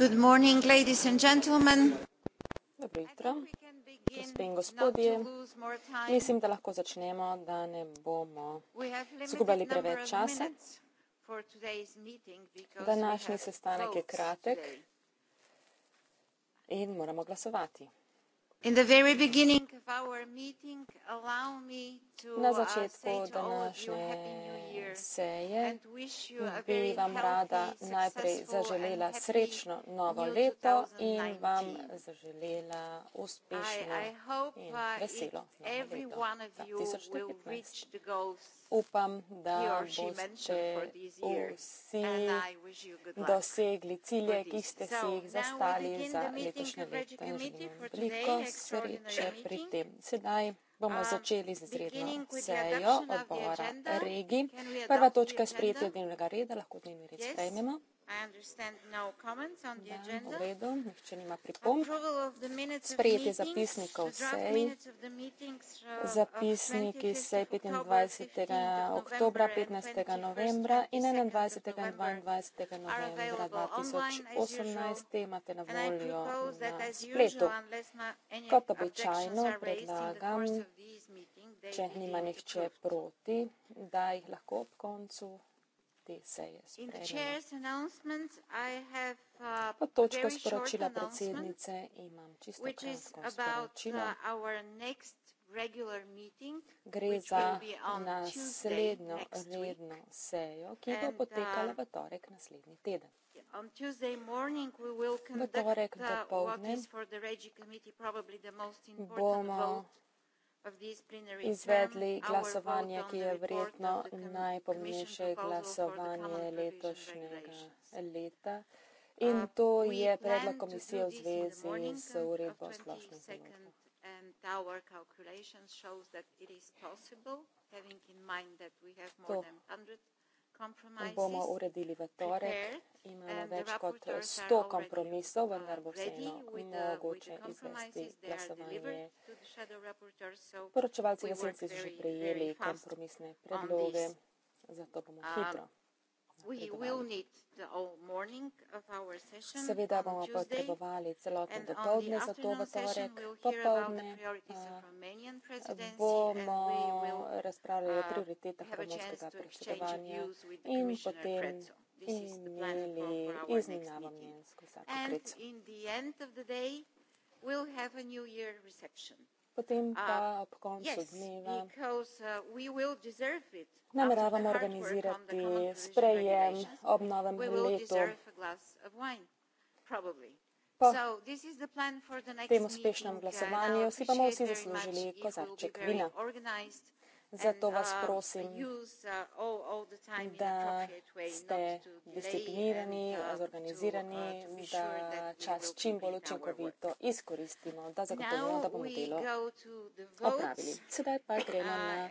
Good morning, ladies and gentlemen. Dobro jutro, gospe in gospodje. Mislim, da lahko začnemo, da ne bomo zgubljali preveč časa. Današnji sestanek je kratek in moramo glasovati. In the very beginning of our meeting, allow me Na uh, začetku današnje seje bi vam rada najprej zaželela srečno novo leto in vam zaželela uspešno in uh, veselo novo leto. Upam, da boste vsi dosegli cilje, ki ste si jih zastali za letošnje leto. Veliko sreče pri tem. Sedaj bomo začeli z izredno sejo odbora regij. Prva točka sprejetja dnevnega reda, lahko dnevni red sprejmemo povedo, no nihče nima pripomb. Sprejeti zapisnikov uh, sej, zapisniki sej 25. oktobra, 15. novembra in 21. in 22. novembra 2018 te imate na voljo na spletu. Kot običajno predlagam, če nima nihče proti, da jih lahko ob koncu te seje sprejela. Uh, točka sporočila predsednice imam čisto kratko sporočilo. Uh, Gre za naslednjo redno sejo, ki bo uh, potekala v torek naslednji teden. On Tuesday morning we will conduct uh, what is for the Regi Committee probably the most important vote izvedli glasovanje, ki je vredno najpomembnejše glasovanje letošnjega leta. Uh, in to je predlog komisije v zvezi s uredbo o splošnem pomenu. To bomo uredili v torek. Imamo več kot 100 kompromisov, vendar bo uh, vseeno uh, mogoče izvesti glasovanje. Poročevalci gasilci so že prejeli kompromisne predloge, zato bomo hitro. Seveda bomo potrebovali celoten dopoldne, zato v torek popoldne bomo razpravljali o uh, prioritetah romunskega predsedovanja in potem imeli izmenjavo mnenj skozi Zato Krico potem pa po uh, koncu dneva uh, nameravamo organizirati sprejem ob novem letu. Po tem uspešnem glasovanju si bomo vsi zaslužili kozarček vina. Zato vas um, prosim, uh, da ste disciplinirani, uh, organizirani, uh, da čas čim bolj učinkovito izkoristimo, da zagotovimo, da bomo delo opravili. Sedaj pa gremo na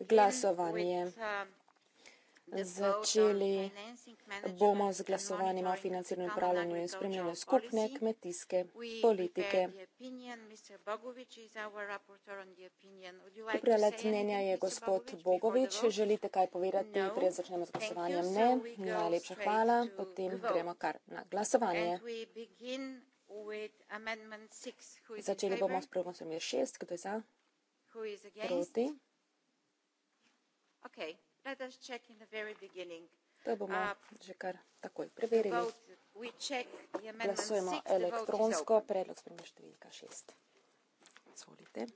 glasovanje. Um, Začeli bomo z glasovanjem o financiranju upravljanju in spremljanju skupne kmetijske politike. Upravljac mnenja je gospod Bogovič. Želite kaj povedati, preden začnemo z glasovanjem? Ne. Najlepša hvala. Potem gremo kar na glasovanje. Začeli bomo s prvo sem je šest. Kdo je za? Proti? To bomo uh, že kar takoj preverili. Glasujemo elektronsko, predlog spremlja številka šest. Izvolite.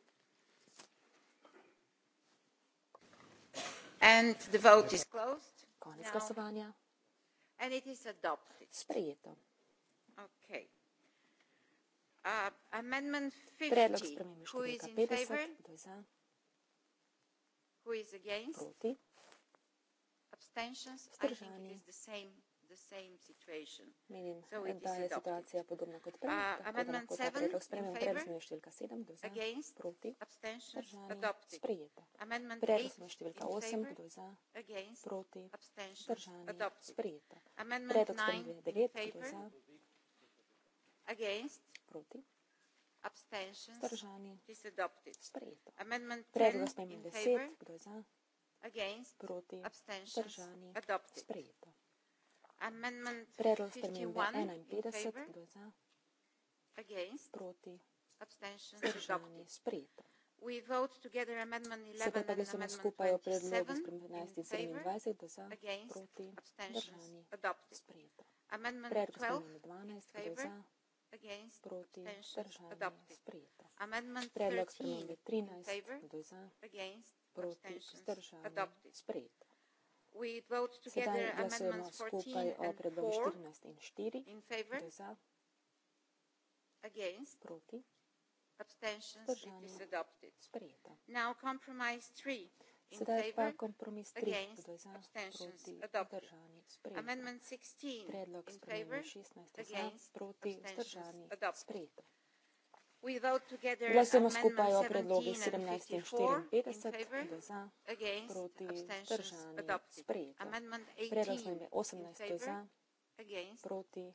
Konec glasovanja. Sprejeto. Uh, predlog spremlja številka petdeset. Kdo je za? Proti? vzdržani. Menim, da je situacija podobna kot prej, uh, tako da lahko ta predlog sprejmem. Predlog sprejme številka 7, kdo za, proti, vzdržani, sprejeta. Predlog sprejme številka 8, kdo za, proti, vzdržani, sprejeta. Predlog sprejme 9, kdo za, proti, vzdržani, sprejeta. Predlog sprejme 10, kdo za, proti, vzdržani, sprejeta proti vzdržani sprejeto. Predlog spremembe enainpetdeset kdo je za proti vzdržani sprejeto. Sedaj pa glasujemo skupaj o predlogu sprememb enajst in sedemindvajset kdo je za proti vzdržani sprejeto. Predlog spremembe dvanajst kdo je za proti vzdržani sprejeto. Predlog spremembe trinajst kdo je za proti vzdržanju sprejet. Sedaj glasujemo skupaj o predlogu 14 in 4, kdo je za, proti vzdržanju sprejeta. Sedaj pa kompromis 3, kdo je za, proti vzdržanju sprejeta. Predlog sprejeta 16 je za, proti vzdržanju sprejeta. Glasujemo skupaj o predlogu 1754 za, proti, vzdržanje, sprejeto. Predlog nam je 18 za, proti,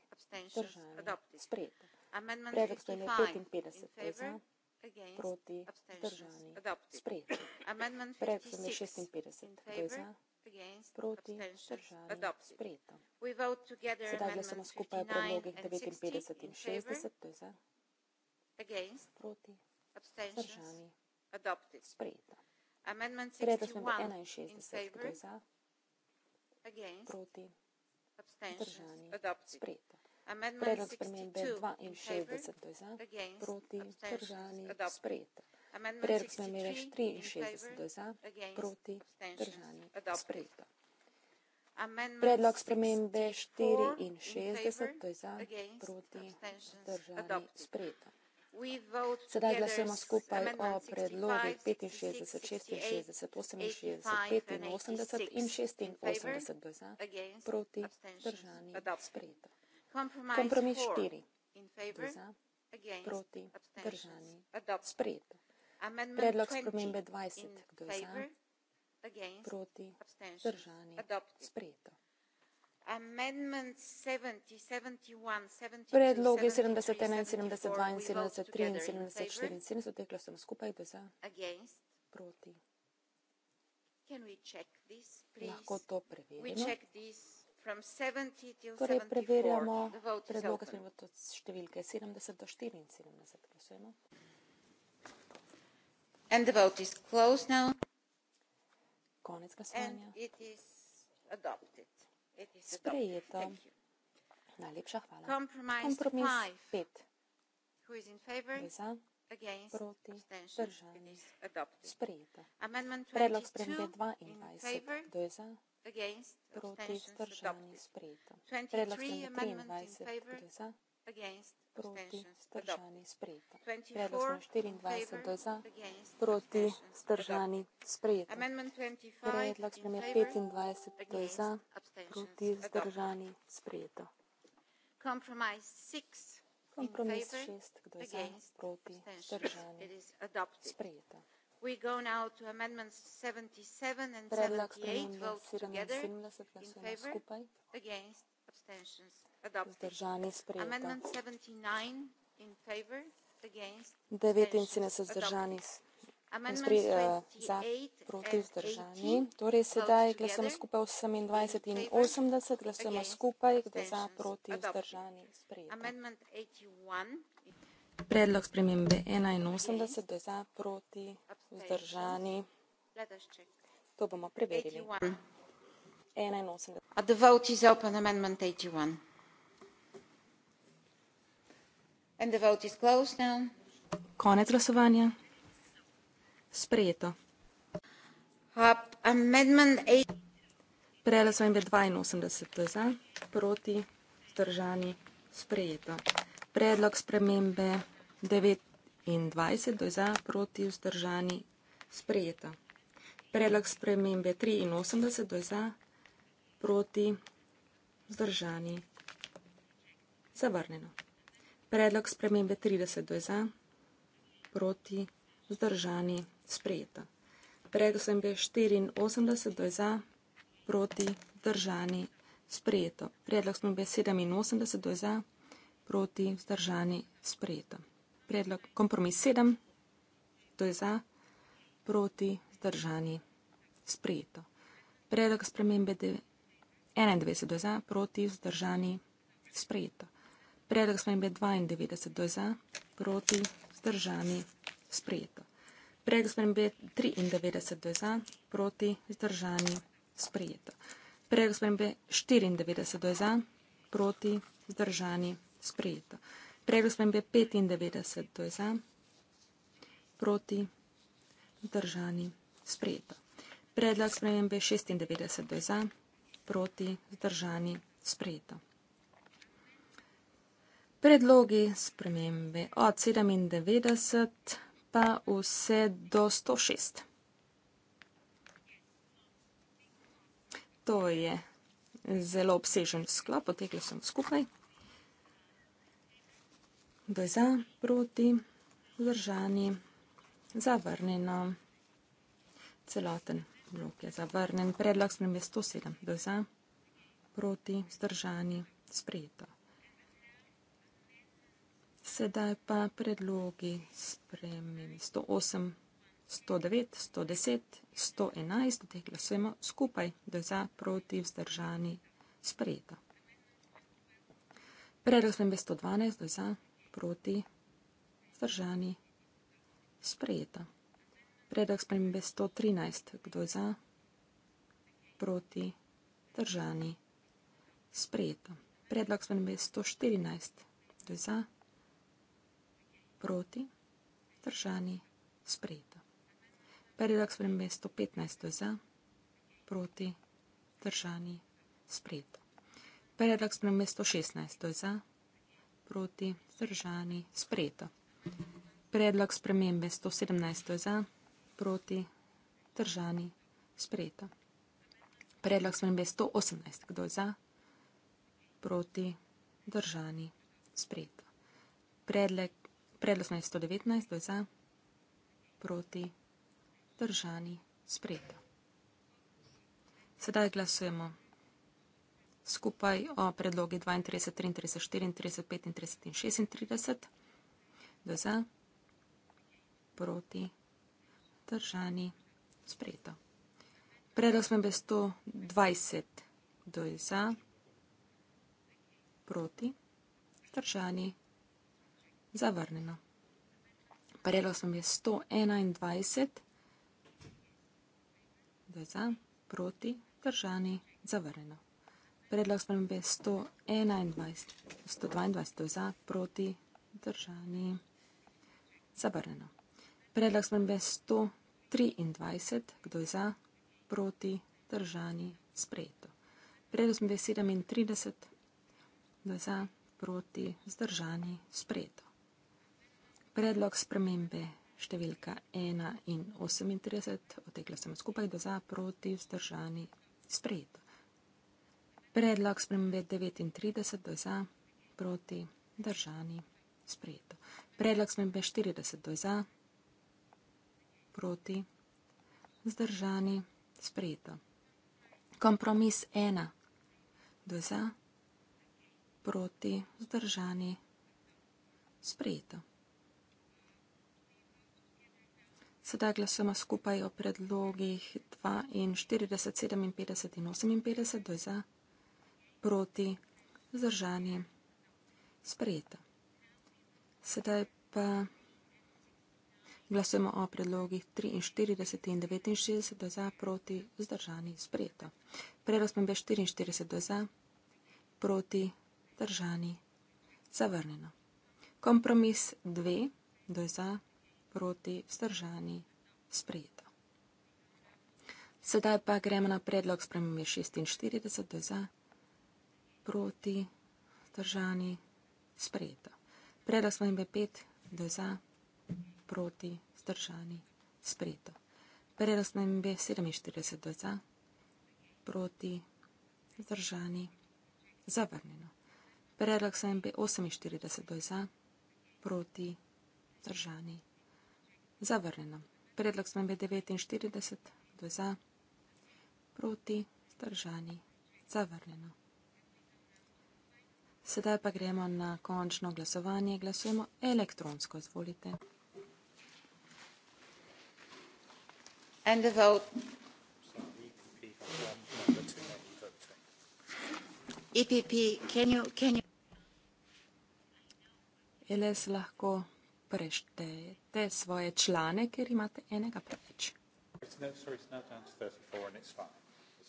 vzdržanje, sprejeto. Predlog nam je 55 za, proti, vzdržanje, sprejeto. Predlog nam je 56 za, proti, vzdržanje, sprejeto. Sedaj glasujemo skupaj o predlogih 59 in 60 za. Proti. Adopted. Sprejeto. Amendment 61 in za. Against. Proti. Abstentions. Adopted. Sprejeto. Amendment Predlog 62 in za. Against. Proti. Držani. Sprejeto. Amendment Predlog 63 in za. Proti. Držani. Sprejeto. Amendment Predlog spremembe 64 in 60, to je za, against, proti, držani, sprejeto. Sedaj glasujemo skupaj o predlogih 65, 66, 68, 85 in 86. Kdo je za? Proti? Vzdržani? Sprejeto. Kompromis 4. Kdo je za? Proti? Vzdržani? Sprejeto. Predlog spremembe 20. Kdo je za? Proti? Vzdržani? Sprejeto. Predloge 71 in 72 in 73 in 74 in 70 odtekla sem skupaj, da za proti. Lahko to preverimo. Torej preverjamo predloge številke 70 do 74. Glasujemo. And the vote is closed now. Konec glasovanja. And it is adopted sprejeto. Najlepša hvala. Kompromis 5. Je za, proti, držanje, sprejeto. Predlog spremembe 22. Kdo je za, proti, držanje, sprejeto. Predlog spremembe 23. Kdo je za, proti, držanje, sprejeto proti stržani sprejet. Predlog 24 do za, proti stržani sprejet. Predlog 25 do za, proti stržani sprejet. Kompromis 6, kdo je za, proti stržani sprejet. We go now to amendments 77 and 78 together in favor, against, abstentions vzdržani, sprejeta. 79 vzdržani, spri, uh, za, eh, proti vzdržani. Torej sedaj glasujemo skupaj 28 in 80, glasujemo skupaj, da za, proti vzdržani, sprejeta. Predlog spremembe 81, da za, proti vzdržani. To bomo preverili. 81. A the vote is open, amendment 81. konec glasovanja sprejeto amendment prela sem med 82 za proti vzdržani sprejeto predlog spremembe 29 za proti vzdržani sprejeto predlog spremembe 83 za proti vzdržani zavrnjeno Predlog spremembe 30 do je za, proti, vzdržani, sprejeta. Predlog spremembe 84 do je za, proti, vzdržani, sprejeta. Predlog spremembe 87 do je za, proti, vzdržani, sprejeta. Predlog kompromis 7 do je za, proti, vzdržani, sprejeta. Predlog spremembe 91 do je za, proti, vzdržani, sprejeta. Predlog spremembe 92 do za, proti, zdržani, sprejeto. Predlog spremembe 93 do za, proti, zdržani, sprejeto. Predlog spremembe 94 do za, proti, zdržani, sprejeto. Predlog spremembe 95 do za, proti, zdržani, sprejeto. Predlog spremembe 96 do za, proti, zdržani, sprejeto predlogi spremembe od 97 pa vse do 106. To je zelo obsežen sklop, potekla sem skupaj. Kdo je za, proti, zdržani, zavrneno, celoten blok je zavrnen, predlog spremembe 107, kdo je za, proti, zdržani, sprejeto. Sedaj pa predlogi spremljeni 108, 109, 110, 111, da jih glasujemo skupaj, da je za proti vzdržani sprejeta. Predlog spremljeni 112, da je za proti vzdržani sprejeta. Predlog spremljeni 113, kdo je za proti vzdržani sprejeta. Predlog spremljeni 114, kdo je za proti vzdržani sprejeta proti, držani, sprejeto. Predlog spremembe 115 za, proti, držani, sprejeto. Predlog spremembe 116 za, proti, držani, sprejeto. Predlog spremembe 117 za, proti, držani, sprejeto. Predlog spremembe 118 kdo za, proti, držani, sprejeto. Predlog Predlog naj 119, to je za, proti, držani, spred. Sedaj glasujemo skupaj o predlogi 32, 33, 34, 35 in 36, to je za, proti, držani, spred. Predlog smo bez 120, to je za, proti, držani, spred zavrnjeno. Prejelo sem je 121, da je za, proti, držani, zavrnjeno. Predlog spremembe 121, 122, to je za, proti, držani, zavrnjeno. Predlog spremembe 123, kdo je za, proti, držani, sprejeto. Predlog spremembe 37, kdo je za, proti, zdržani, sprejeto predlog spremembe številka 1 in 38, otekla sem skupaj, da za proti vzdržani sprejet. Predlog spremembe 39, da za proti vzdržani sprejet. Predlog spremembe 40, da za proti vzdržani sprejet. Kompromis 1, da za proti vzdržani sprejet. Sedaj glasujemo skupaj o predlogih 42, 57 in 58, kdo je za, proti, zdržanje, sprejeto. Sedaj pa glasujemo o predlogih 43 in 69, kdo je za, proti, zdržanje, sprejeto. Predlog smo bili 44, kdo je za, proti, zdržanje, zavrnjeno. Kompromis 2, kdo je za, proti vzdržani sprejeta. Sedaj pa gremo na predlog spremembe 46, da je za proti vzdržani sprejeta. Predlog spremembe 5, da je za proti vzdržani sprejeta. Predlog spremembe 47, da je za proti vzdržani zavrnjeno. Predlog spremembe 48, da je za proti vzdržani sprejeta zavrnjeno. Predlog smo imeli 49, 2 za, proti, zdržani, zavrnjeno. Sedaj pa gremo na končno glasovanje. Glasujemo elektronsko, zvolite. And the vote. EPP, can you, can you? LS lahko preštejte svoje člane, ker imate enega preveč.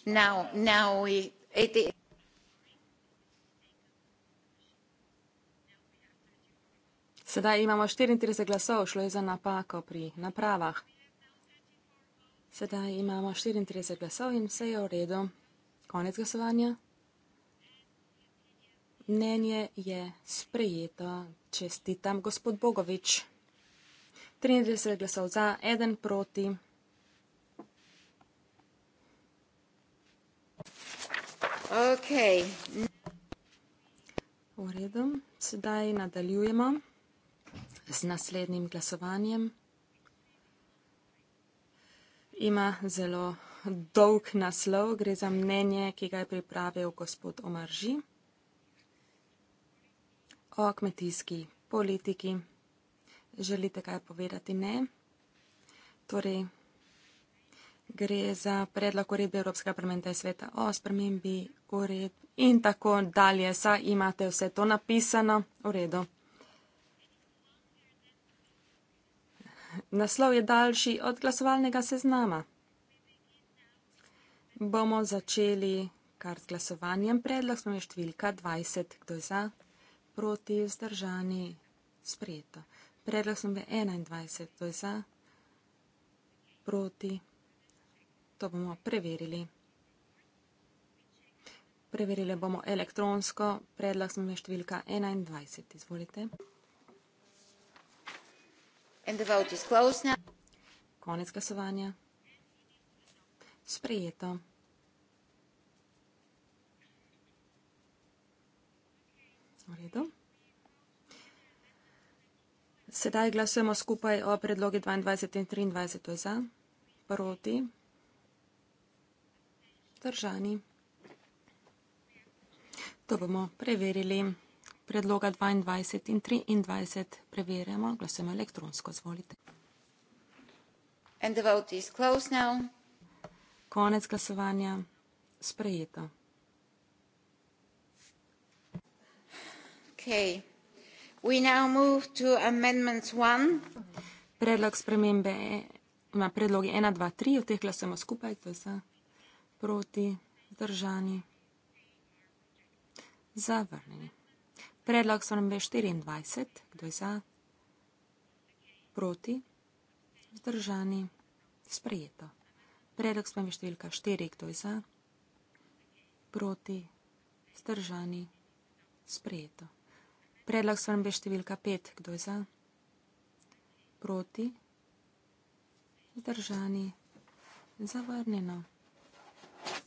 No, Sedaj imamo 34 glasov, šlo je za napako pri napravah. Sedaj imamo 34 glasov in vse je v redu. Konec glasovanja. Mnenje je sprejeto. Čestitam, gospod Bogovič. 33 glasov za, eden proti. Ok. V redu, sedaj nadaljujemo z naslednjim glasovanjem. Ima zelo dolg naslov, gre za mnenje, ki ga je pripravil gospod Omar Žim o kmetijski politiki. Želite kaj povedati? Ne. Torej, gre za predlog uredbe Evropskega parlamenta in sveta o spremembi ured in tako dalje. Sa imate vse to napisano v redu. Naslov je daljši od glasovalnega seznama. Bomo začeli kar z glasovanjem. Predlog smo je številka 20. Kdo je za? proti, vzdržani, sprejeto. Predlog sem bil 21, to je za, proti, to bomo preverili. Preverili bomo elektronsko, predlog sem bil številka 21, izvolite. Konec glasovanja. Sprejeto. smo redo. Sedaj glasujemo skupaj o predlogi 22 in 23. To je za, proti, držani. To bomo preverili. Predloga 22 in 23 preverjamo. Glasujemo elektronsko. Zvolite. Konec glasovanja. Sprejeto. Okay. We now move to amendments one. Predlog spremembe ima predlogi 1, 2, 3, v teh glasujemo skupaj, to je za, proti, zdržani, zavrnjeni. Predlog spremembe 24, kdo je za, proti, zdržani, sprejeto. Predlog spremembe številka 4, kdo je za, proti, zdržani, sprejeto. Predlog srnbe številka 5. Kdo je za? Proti? Zdržani? Zavrnjeno?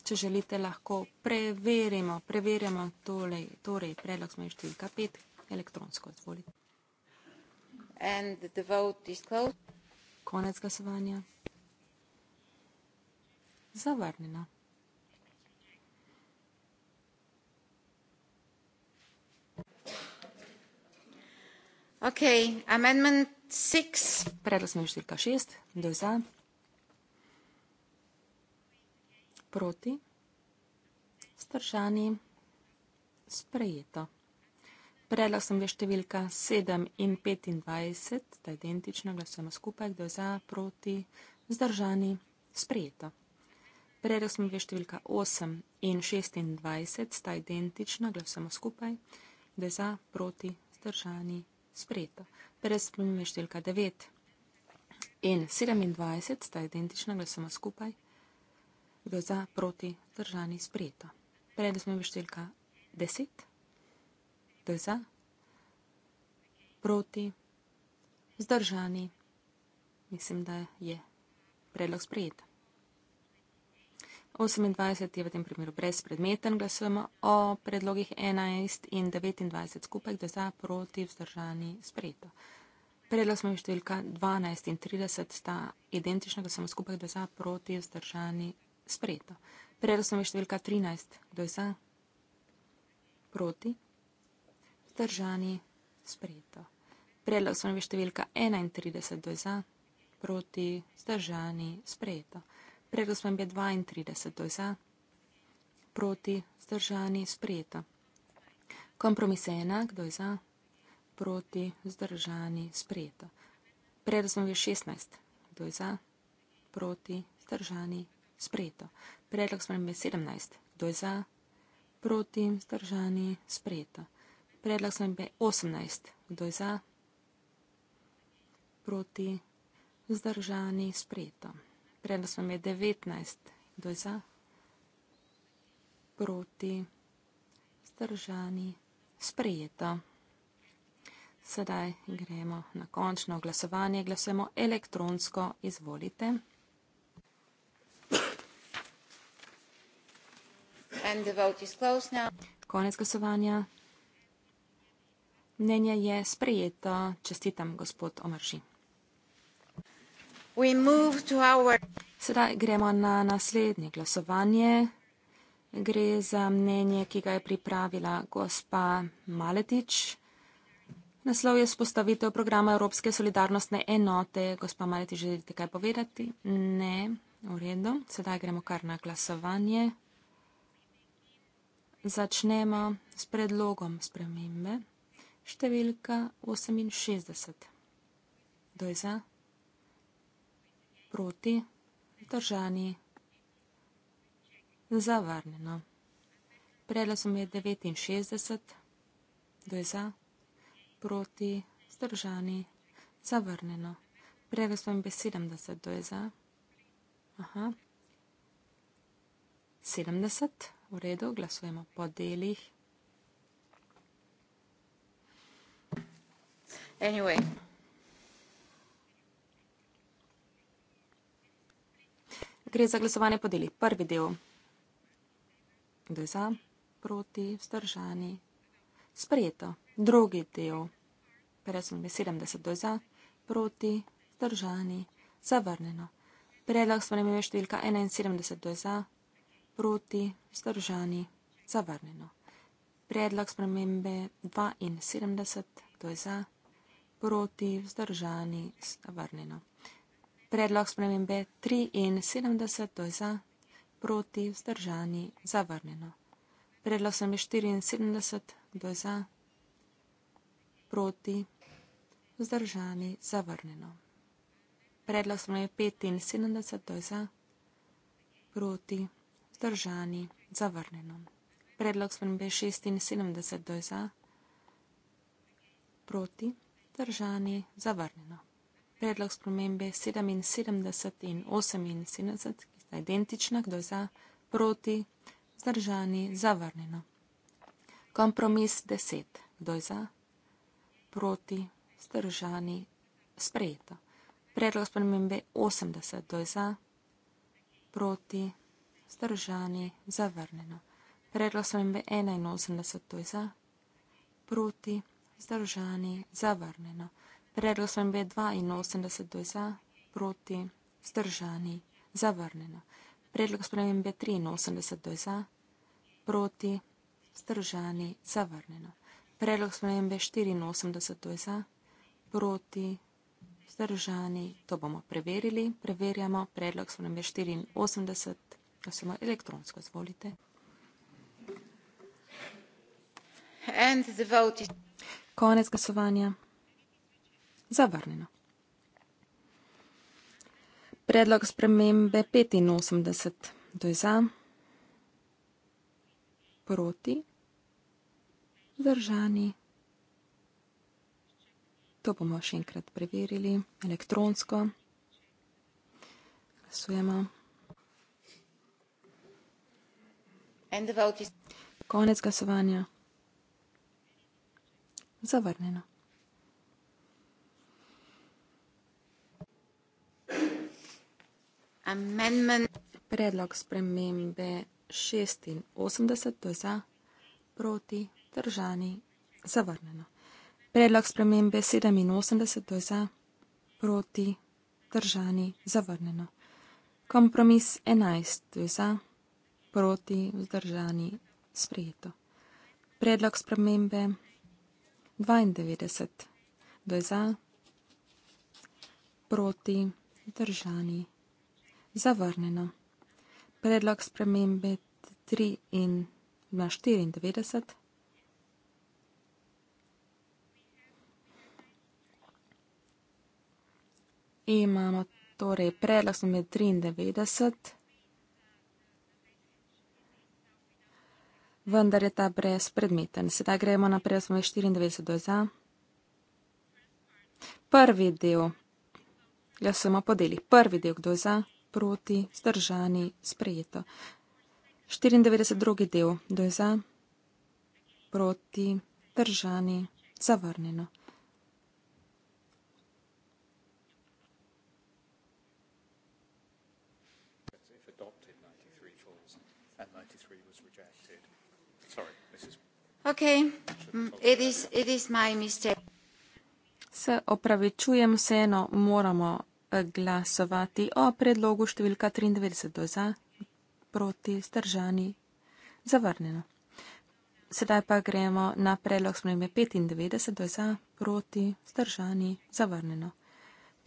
Če želite, lahko preverimo, preverjamo tole, torej predlog srnbe številka 5 elektronsko. Zvolite. And the vote is closed. Konec glasovanja. Zavrnjeno. Okay, amendment six. Predlog smo številka šest. Kdo je za? Proti? Stržani? Sprejeto. Predlog sem veš številka 7 in 25, da je identično, glasujemo skupaj, kdo je za, proti, zdržani, sprejeto. Predlog sem veš številka 8 in 26, da je identično, glasujemo skupaj, kdo je za, proti, zdržani, sprejeto sprejeta. Brez spremembe številka 9 in 27 sta identična, glasoma skupaj, kdo za, proti, držani, sprejeta. Brez spremembe številka 10, kdo za, proti, zdržani, mislim, da je predlog sprejeta. 28 je v tem primeru brezpredmeten, glasujemo o predlogih 11 in 29 skupaj, kdo za, proti, vzdržani, sprejeto. Predlog smo številka 12 in 30 sta identična, da smo skupaj, kdo za, proti, vzdržani, sprejeto. Predlog smo številka 13, kdo za, proti, vzdržani, sprejeto. Predlog smo številka 31, kdo za, proti, vzdržani, sprejeto. Pregospem je 32, to je za, proti, zdržani, sprejeta. Kompromis je enak, to je za, proti, zdržani, sprejeta. Pregospem je 16, to je za, proti, zdržani, sprejeta. Pregospem je 17, to je za, proti, zdržani, sprejeta. Pregospem je 18, to je za, proti, zdržani, sprejeta. Prednost vam je 19. Kdo je za? Proti. Zdržani. Sprejeto. Sedaj gremo na končno glasovanje. Glasujemo elektronsko. Izvolite. Konec glasovanja. Mnenje je sprejeto. Čestitam, gospod Omrži. Sedaj gremo na naslednje glasovanje. Gre za mnenje, ki ga je pripravila gospa Maletič. Naslov je spostavitev programa Evropske solidarnostne enote. Gospa Maletič, želite kaj povedati? Ne. V redu. Sedaj gremo kar na glasovanje. Začnemo s predlogom spremembe. Številka 68. Kdo je za? proti, držani, zavrnjeno. Prijelo so mi 69, da je za, proti, zdržani, zavrnjeno. Prijelo so mi 70, da je za, aha, 70, v redu, glasujemo po delih. Anyway. gre za glasovanje po delih. Prvi del. Kdo je za, proti, vzdržani? Sprejeto. Drugi del. Presum je 70. Kdo je za, proti, vzdržani? Zavrnjeno. Predlog spremembe številka 71. Kdo je za, proti, vzdržani? Zavrnjeno. Predlog spremembe 72. Kdo je za, proti, vzdržani? Zavrnjeno. Predlog spremembe 73 to je za, proti vzdržani zavrnjeno. Predlog spremembe 74 to je za, proti vzdržani zavrnjeno. Predlog spremembe 75 to je za, proti vzdržani zavrnjeno. Predlog spremembe 76 to je za, proti vzdržani zavrnjeno predlog spremembe 77 in 78, ki sta identična, kdo za, proti, zdržani, zavrnjeno. Kompromis 10, kdo za, proti, zdržani, sprejeto. Predlog spremembe 80, kdo za, proti, zdržani, zavrnjeno. Predlog spremembe 81, kdo za, proti, zdržani, zavrnjeno. Predlog sem B82 za, proti, vzdržani, zavrnjeno. Predlog sem B83 za, proti, vzdržani, zavrnjeno. Predlog sem B84 za, proti, vzdržani, to bomo preverili. Preverjamo predlog sem B84, da se mu elektronsko zvolite. Konec glasovanja zavrnjeno. Predlog spremembe 85, to je za, proti, zdržani. To bomo še enkrat preverili elektronsko. Glasujemo. Konec glasovanja. Zavrnjeno. Amendment. Predlog spremembe 86 je za, proti, držani, zavrnjeno. Predlog spremembe 87 je za, proti, držani, zavrnjeno. Kompromis 11 je za, proti, vzdržani, sprejeto. Predlog spremembe 92 je za, proti, držani, zavrnjeno zavrnjeno. Predlog spremembe 3 in na 94. Imamo torej predlog spremembe 93. Vendar je ta brezpredmeten. Sedaj gremo na predlog spremembe 94 do za. Prvi del. Jaz samo podeli. Prvi del, kdo je za proti, zdržani, sprejeto. 94. drugi del, kdo je za, proti, zdržani, zavrnjeno. Okay. It is, it is Se opravičujem, vseeno moramo glasovati o predlogu številka 93 do za, proti, zdržani, zavrnjeno. Sedaj pa gremo na predlog spremembe 95 do za, proti, zdržani, zavrnjeno.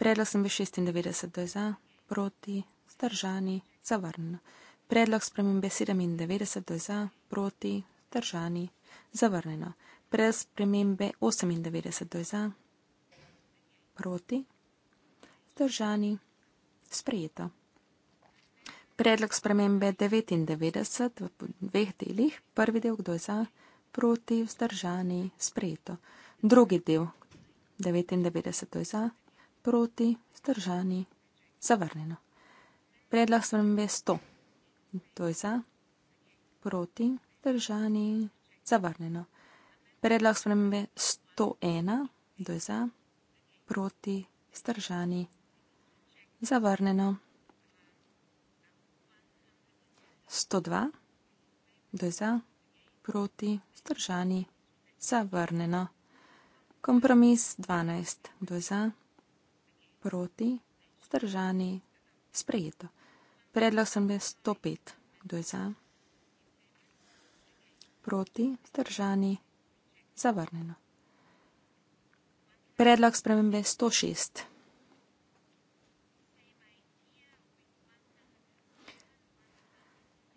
Predlog spremembe 96 do za, proti, zdržani, zavrnjeno. Predlog spremembe 97 do za, proti, zdržani, zavrnjeno. Predlog spremembe 98 do za, proti, zdržani vzdržani. Sprejeta. Predlog spremembe 99 v dveh delih. Prvi del, kdo je za, proti, vzdržani, sprejeto. Drugi del, 99, kdo je za, proti, vzdržani, zavrnjeno. Predlog spremembe 100, kdo je za, proti, vzdržani, zavrnjeno. Predlog spremembe 101, kdo je za, proti, vzdržani, zavrnjeno. Zavrnjeno. 102. Kdo je za? Proti. Zdržani. Zavrnjeno. Kompromis 12. Kdo je za? Proti. Zdržani. Sprejeto. Predlog sem bil 105. Kdo je za? Proti. Zdržani. Zavrnjeno. Predlog spremembe 106.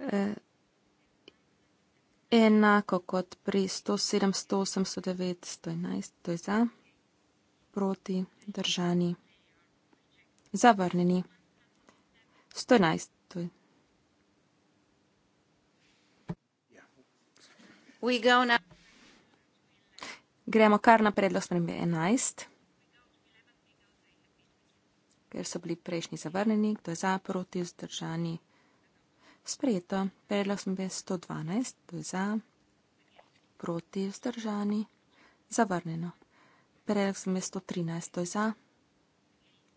eh, enako kot pri 100, 700, 800, 911, to je za, proti, držani, zavrnjeni. 111, to je. Gremo kar na predlog spremembe 11, ker so bili prejšnji zavrnjeni, kdo je za, proti, zdržani, sprejeto. Predlog smo bili 112, to je za, proti, vzdržani, zavrnjeno. Predlog smo bili 113, to je za,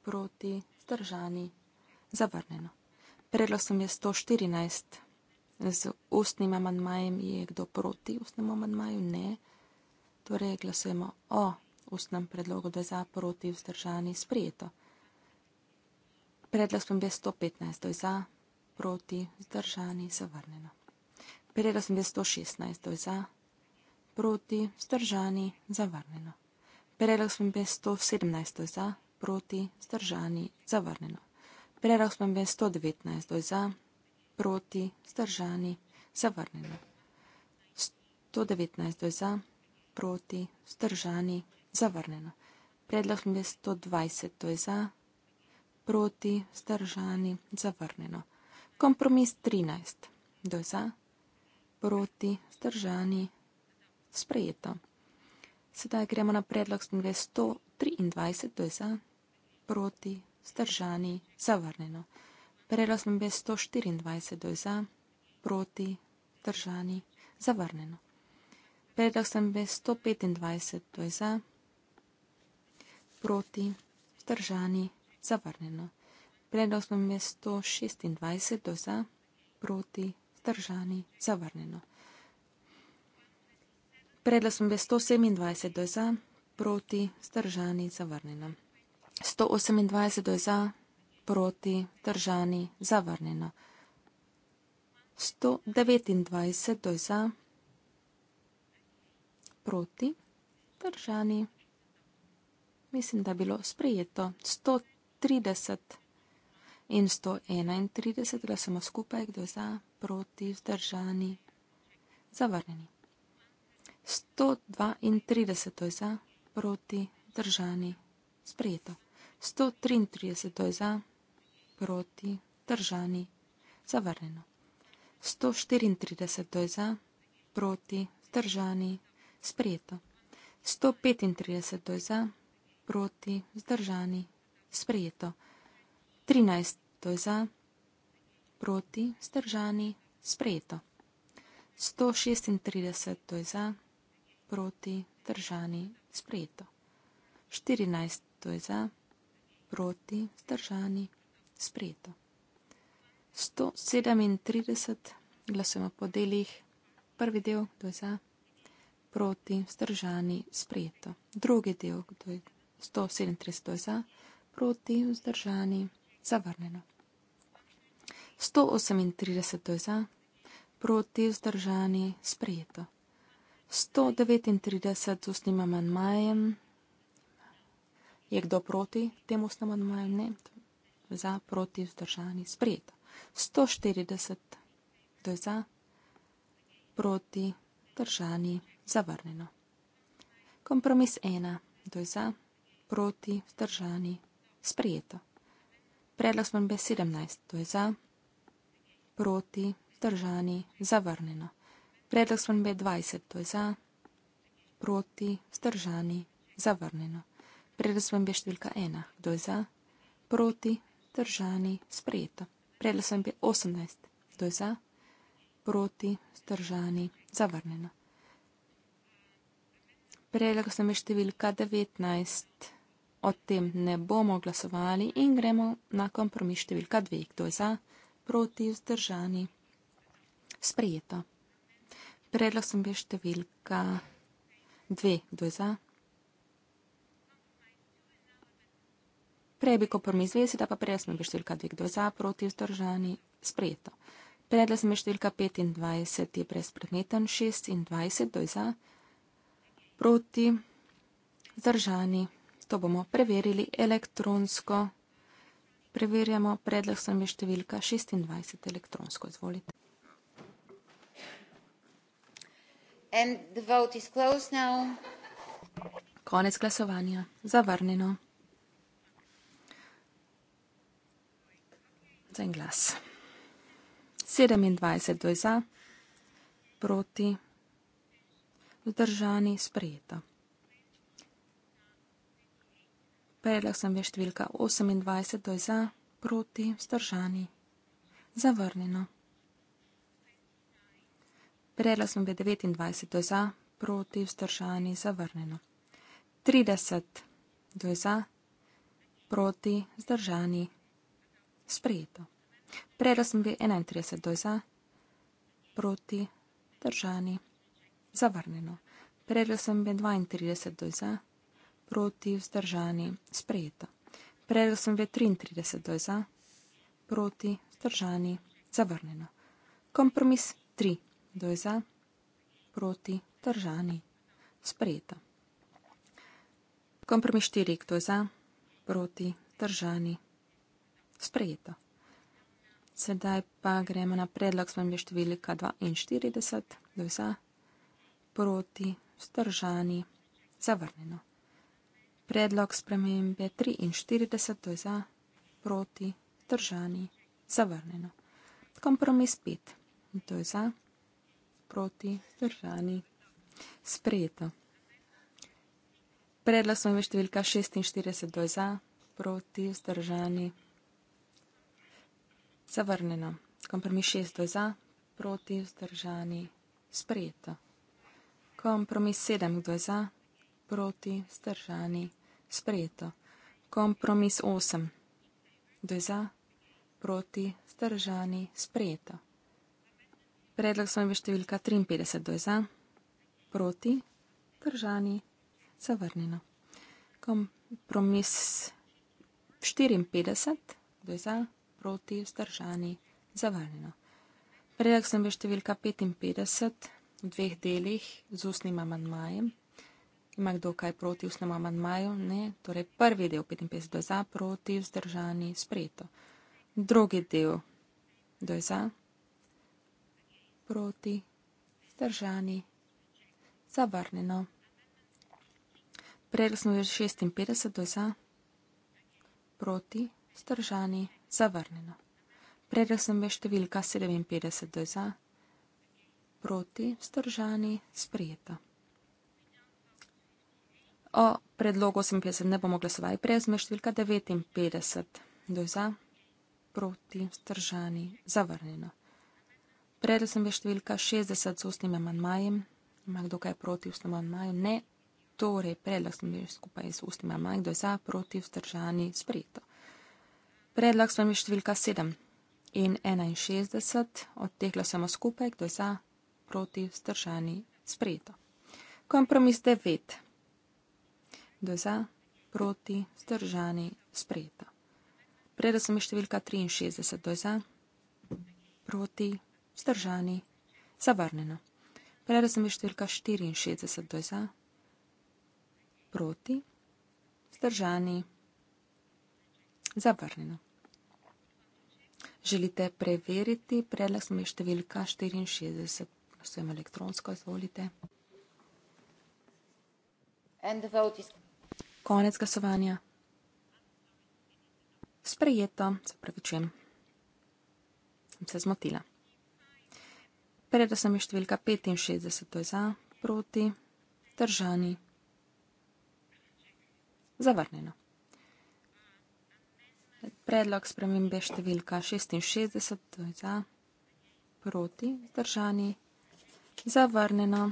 proti, vzdržani, zavrnjeno. Predlog smo bili 114, z ustnim amantmajem je kdo proti ustnemu amantmaju, ne. Torej glasujemo o ustnem predlogu, da je za, proti, vzdržani, sprejeto. Predlog smo bili 115, to je za proti, vzdržani, zavrnjeno. Prijela sem 216, to je za, proti, vzdržani, zavrnjeno. Prijela sem 217, to je za, proti, vzdržani, zavrnjeno. Prijela sem 219, to je za, proti, vzdržani, zavrnjeno. 119 je za, proti, vzdržani, zavrnjeno. Predlog sem 220 je za, proti, vzdržani, zavrnjeno kompromis 13. Kdo je za? Proti, zdržani, sprejeto. Sedaj gremo na predlog spremembe 123. Kdo je za? Proti, zdržani, zavrnjeno. Predlog spremembe 124. Kdo je za? Proti, zdržani, zavrnjeno. Predlog spremembe 125. Kdo je za? Proti, zdržani, zavrnjeno. Predlog smo mesto 26 do za, proti, zdržani, zavrnjeno. Predlog smo mesto 127 do za, proti, zdržani, zavrnjeno. 128 do za, proti, zdržani, zavrnjeno. 129 do za, proti, zdržani. Mislim, da je bilo sprejeto 130 do za in 131 glasoma skupaj, kdo za, proti, vzdržani, zavrnjeni. 132 je za, proti, vzdržani, sprejeto. 133 je za, proti, vzdržani, zavrnjeno. 134 je za, proti, vzdržani, sprejeto. 135 je za, proti, vzdržani, sprejeto. 13, to je za, proti, zdržani, sprejeto. 136, to je za, proti, zdržani, sprejeto. 14, to je za, proti, zdržani, sprejeto. 137, glasujemo po delih, prvi del, to je za, proti, zdržani, sprejeto. Drugi del, to je 137, to je za, proti, zdržani, sprejeto zavrnjeno. 138 je za, proti vzdržani sprejeto. 139 z ustnim amantmajem. Je kdo proti temu ustnemu amantmaju? Ne, za, proti vzdržani sprejeto. 140 je za, proti vzdržani zavrnjeno. Kompromis 1 je za, proti vzdržani sprejeto. Predlog smo bili 17, to je za, proti, vzdržani, zavrnjeno. Predlog smo bili 20, to je za, proti, vzdržani, zavrnjeno. Predlog smo bili številka 1, kdo je za, proti, vzdržani, sprejeto. Predlog smo bili 18, kdo je za, proti, vzdržani, zavrnjeno. Predlog smo bili številka 19 o tem ne bomo glasovali in gremo na kompromis številka dve. Kdo je za, proti, vzdržani? Sprejeto. Predlog sem bil številka dve. Kdo je za? Prej bi kompromis vesel, da pa prej sem bil številka dve. Kdo je za, proti, vzdržani? Sprejeto. Predlog sem bil številka 25, je brezpredmeten, 26, kdo je za, proti, vzdržani? Sprejeto. To bomo preverili elektronsko. Preverjamo predlog sami številka 26 elektronsko. Izvolite. And the vote is closed now. Konec glasovanja. Zavrnjeno. Za en glas. 27 do je za, proti, vzdržani, sprejeto. Predlog sem je številka 28, to je za, proti, vzdržani, zavrnjeno. Predlog sem je 29, to je za, proti, vzdržani, zavrnjeno. 30, to je za, proti, vzdržani, sprejeto. Predlog sem je 31, to je za, proti, vzdržani, zavrnjeno. Predlog sem je 32, to je za proti, vzdržani, sprejeta. Predlog sem ve 33, to je za, proti, vzdržani, zavrnjeno. Kompromis 3, to je za, proti, vzdržani, sprejeta. Kompromis 4, to je za, proti, vzdržani, sprejeta. Sedaj pa gremo na predlog sem ve številka 42, to je za, proti, vzdržani, zavrnjeno. Predlog spremembe 43, to je za, proti, držani, zavrnjeno. Kompromis 5, to je za, proti, držani, sprejeto. Predlog smo imeli številka 46, to je za, proti, zdržani, zavrnjeno. Kompromis 6, to je za, proti, zdržani, sprejeto. Kompromis 7, kdo je za, proti, stržani, sprejeto. Kompromis 8. Kdo je za, proti, stržani, sprejeto. Predlog svojega številka 53. Kdo je za, proti, stržani, zavrnjeno. Kompromis 54. Kdo je za, proti, stržani, zavrnjeno. Predlog svojega številka 55 v dveh delih z ustnim amandmajem. Ima kdo kaj proti usnemu amandmaju? Ne. Torej prvi del 55 do za, proti, vzdržani, sprejeto. Drugi del do za, proti, vzdržani, zavrnjeno. Predlog smo že 56 do za, proti, vzdržani, zavrnjeno. Predlog sem že številka 57 do za, proti, vzdržani, sprejeto. O predlogu 58 ne bomo glasovali, prej smo številka 59. Kdo je za? Proti, vzdržani, zavrnjeno. Predlog sem veš številka 60 z ustnim amandmajem. Ima kdo kaj proti ustnim amandmajem? Ne. Torej, predlog sem veš skupaj z ustnim amandmajem. Kdo je za? Proti, vzdržani, sprejeto. Predlog sem veš številka 7 in 61. Od teh glasujemo skupaj. Kdo je za? Proti, vzdržani, sprejeto. Kompromis 9. 2 za, proti, zdržani, sprejeta. Preda sem je številka 63, 2 za, proti, zdržani, zavrnjena. Preda sem je številka 64, 2 za, proti, zdržani, zavrnjena. Želite preveriti predlog sem je številka 64, glasujem elektronsko, izvolite. And the vote is... Konec glasovanja. Sprejeto, se pravi, če sem se zmotila. Predo sem je številka 65, to je za, proti, držani, zavrnjeno. Predlog spremembe številka 66, to je za, proti, držani, zavrnjeno.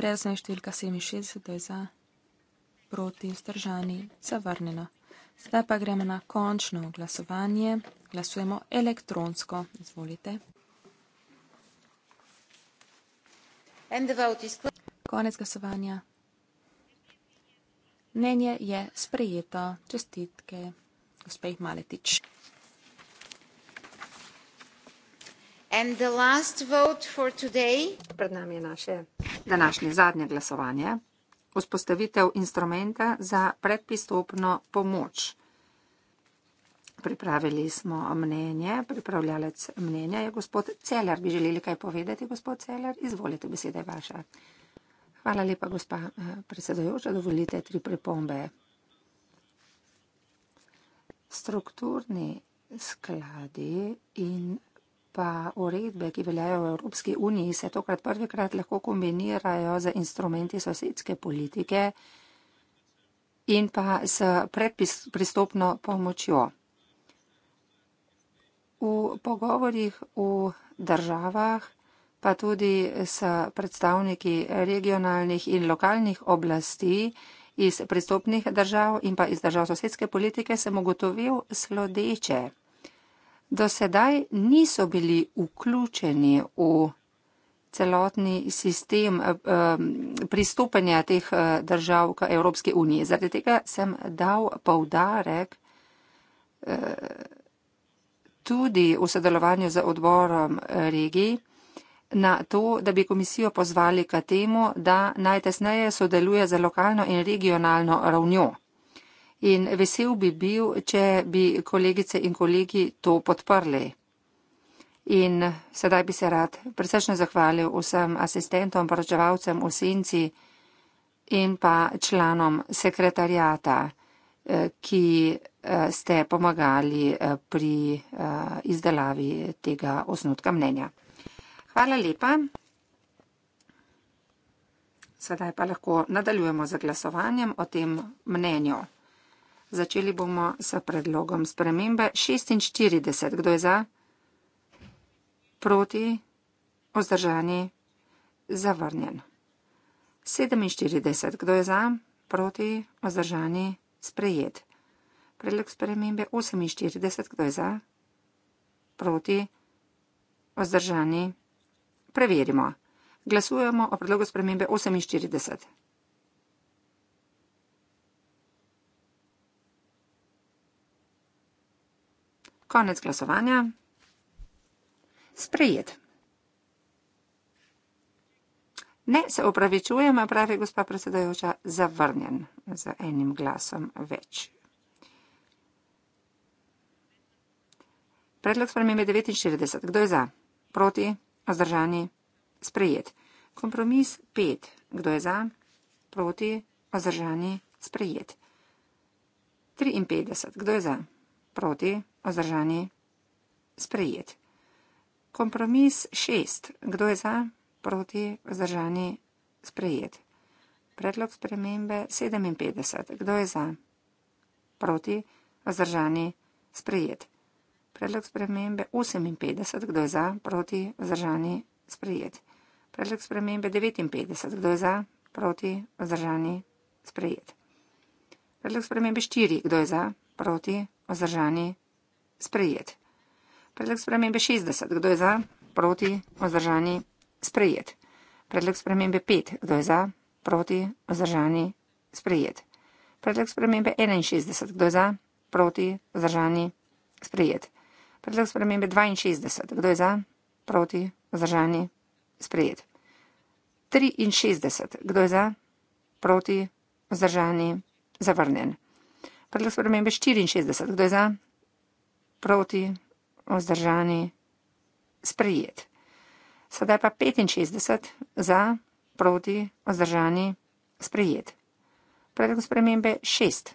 Predlog spremembe številka 67, to je za proti vzdržani zavrnjeno. Zdaj pa gremo na končno glasovanje. Glasujemo elektronsko. Izvolite. Konec glasovanja. Mnenje je sprejeto. Čestitke, gospej Maletič. And the last vote for today. Pred nami je naše današnje zadnje glasovanje vzpostavitev instrumenta za predpristopno pomoč. Pripravili smo mnenje, pripravljalec mnenja je gospod Celer. Bi želeli kaj povedati, gospod Celer? Izvolite, beseda je vaša. Hvala lepa, gospa eh, predsedojoča, dovolite tri pripombe. Strukturni skladi in pa uredbe, ki veljajo v Evropski uniji, se tokrat prvikrat lahko kombinirajo z instrumenti sosedske politike in pa s predpristopno pomočjo. V pogovorjih v državah, pa tudi s predstavniki regionalnih in lokalnih oblasti iz pristopnih držav in pa iz držav sosedske politike, sem ugotovil slodeče do sedaj niso bili vključeni v celotni sistem eh, eh, pristopanja teh eh, držav k Evropske unije. Zaradi tega sem dal povdarek tudi v sodelovanju z odborom regij na to, da bi komisijo pozvali k temu, da najtesneje sodeluje z lokalno in regionalno ravnjo in vesel bi bil, če bi kolegice in kolegi to podprli. In sedaj bi se rad presečno zahvalil vsem asistentom, poročevalcem v senci in pa članom sekretarjata, eh, ki eh, ste pomagali eh, pri izdelavi tega osnutka mnenja. Hvala lepa. Sedaj pa lahko nadaljujemo z glasovanjem o tem mnenju. Začeli bomo s predlogom spremembe 46. Kdo je za? Proti? Ozdržani? Zavrnjen. 47. Kdo je za? Proti? Ozdržani? Sprejet. Predlog spremembe 48. Kdo je za? Proti? Ozdržani? Preverimo. Glasujemo o predlogu spremembe 48. Konec glasovanja. Sprejet. Ne, se opravičujem, pravi gospa predsedajoča, zavrnjen z enim glasom več. Predlog spremembe 49. Kdo je za? Proti? Ozdržani? Sprejet. Kompromis 5. Kdo je za? Proti? Ozdržani? Sprejet. 53. Kdo je za? Proti? Vzdržani? Sprejet. Kompromis šest. Kdo je za? Proti? Vzdržani? Sprejet. Predlog spremembe 57. Kdo je za? Proti? Vzdržani? Sprejet. Predlog spremembe 58. Kdo je za? Proti? Vzdržani? Sprejet. Predlog spremembe 59. Kdo je za? Proti? Vzdržani? Sprejet. Predlog spremembe 4. Kdo je za? Proti? Vzdržani? Sprejet sprejet. Predlog spremembe 60, kdo je za, proti, vzdržani, sprejet. Predlog spremembe 5, kdo je za, proti, vzdržani, sprejet. Predlog spremembe 61, kdo je za, proti, vzdržani, sprejet. Predlog spremembe 62, kdo je za, proti, vzdržani, sprejet. 63, kdo je za, proti, vzdržani, zavrnen. Predlog spremembe 64, kdo je za, proti, vzdržani, sprejet. Sedaj pa 65 za, proti, vzdržani, sprejet. Predlog spremembe 6.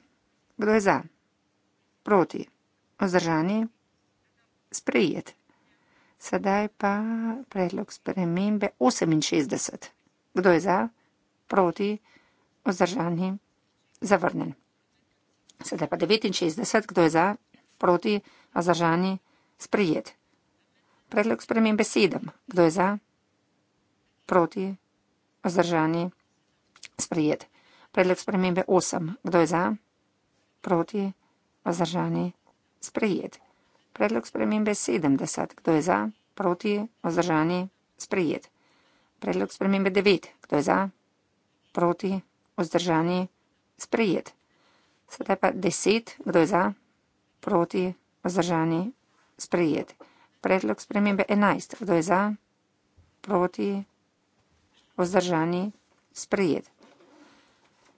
Kdo je za? Proti, vzdržani, sprejet. Sedaj pa predlog spremembe 68. Kdo je za? Proti, vzdržani, zavrnen. Sedaj pa 69. Kdo je za? Proti, vzdržani a zažani sprejet. Predlog sprememb besedem. Kdo je za? Proti? Zdržani? Sprejet. Predlog spremembe 8. Kdo je za? Proti? Zdržani? Sprejet. Predlog spremembe 70. Kdo je za? Proti? Zdržani? Sprejet. Predlog spremembe 9. Kdo je za? Proti? Zdržani? Sprejet. Sedaj pa 10. Kdo je za? Proti? Vzdržani sprejet. Predlog spremembe 11. Kdo je za? Proti? Vzdržani sprejet.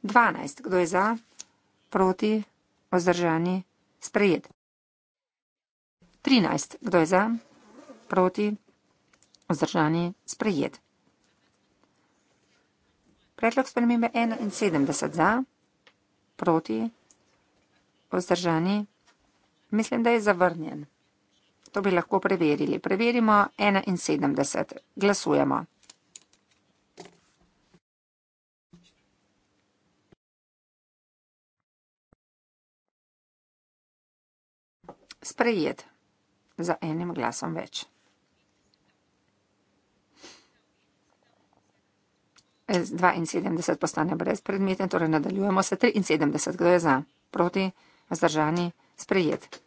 12. Kdo je za? Proti? Vzdržani sprejet. 13. Kdo je za? Proti? Vzdržani sprejet. Predlog spremembe 71 za, proti, vzdržani Mislim, da je zavrnjen. To bi lahko preverili. Preverimo 71. Glasujemo. Sprejet. Za enim glasom več. Z 72 postane brezpredmeten, torej nadaljujemo se. 73. Kdo je za? Proti? Zdržani? Sprejet.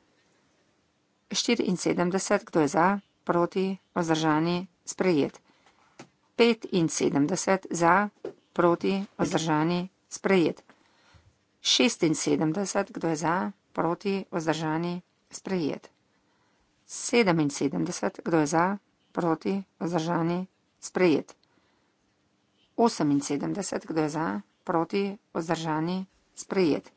74, kdo je za, proti, vzdržani, sprejet. 75 za, proti, vzdržani, sprejet. 76, kdo je za, proti, vzdržani, sprejet. 77, kdo je za, proti, vzdržani, sprejet. 78, kdo je za, proti, vzdržani, sprejet.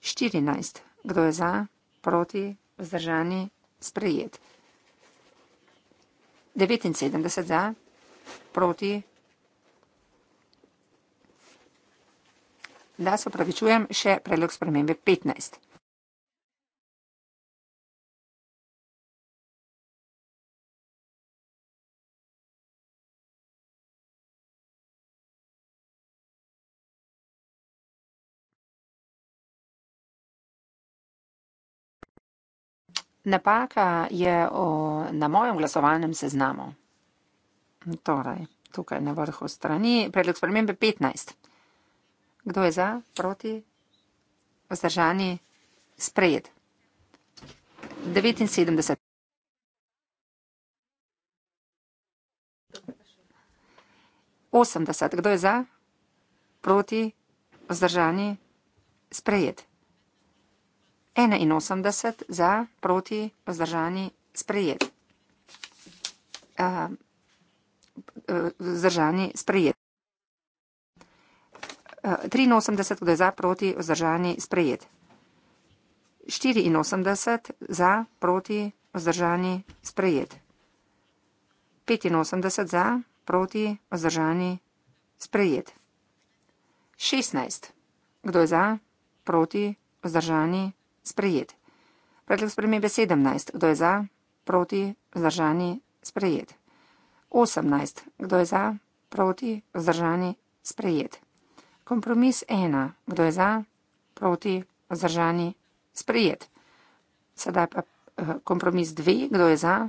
14, kdo je za, proti, vzdržani sprejet. 79 za, proti. Da se upravičujem, še predlog spremembe 15. Napaka je o, na mojem glasovalnem seznamu. Torej, tukaj na vrhu strani, predlog spremembe 15. Kdo je za, proti, vzdržani, sprejet? 79. Osemdeset, kdo je za, proti, vzdržani, sprejet. 81 za, proti, vzdržani, sprejet. Eh, eh, vzdržani, uh, sprejet. Uh, eh, 83 kdo je za, proti, vzdržani, sprejet. 84 za, proti, vzdržani, sprejet. 85 za, proti, vzdržani, sprejet. 16. Kdo je za, proti, vzdržani, sprejet sprejet. Predlog spremembe 17. Kdo je za? Proti? Vzdržani? Sprejet. 18. Kdo je za? Proti? Vzdržani? Sprejet. Kompromis 1. Kdo je za? Proti? Vzdržani? Sprejet. Sedaj pa eh, kompromis 2. Kdo je za?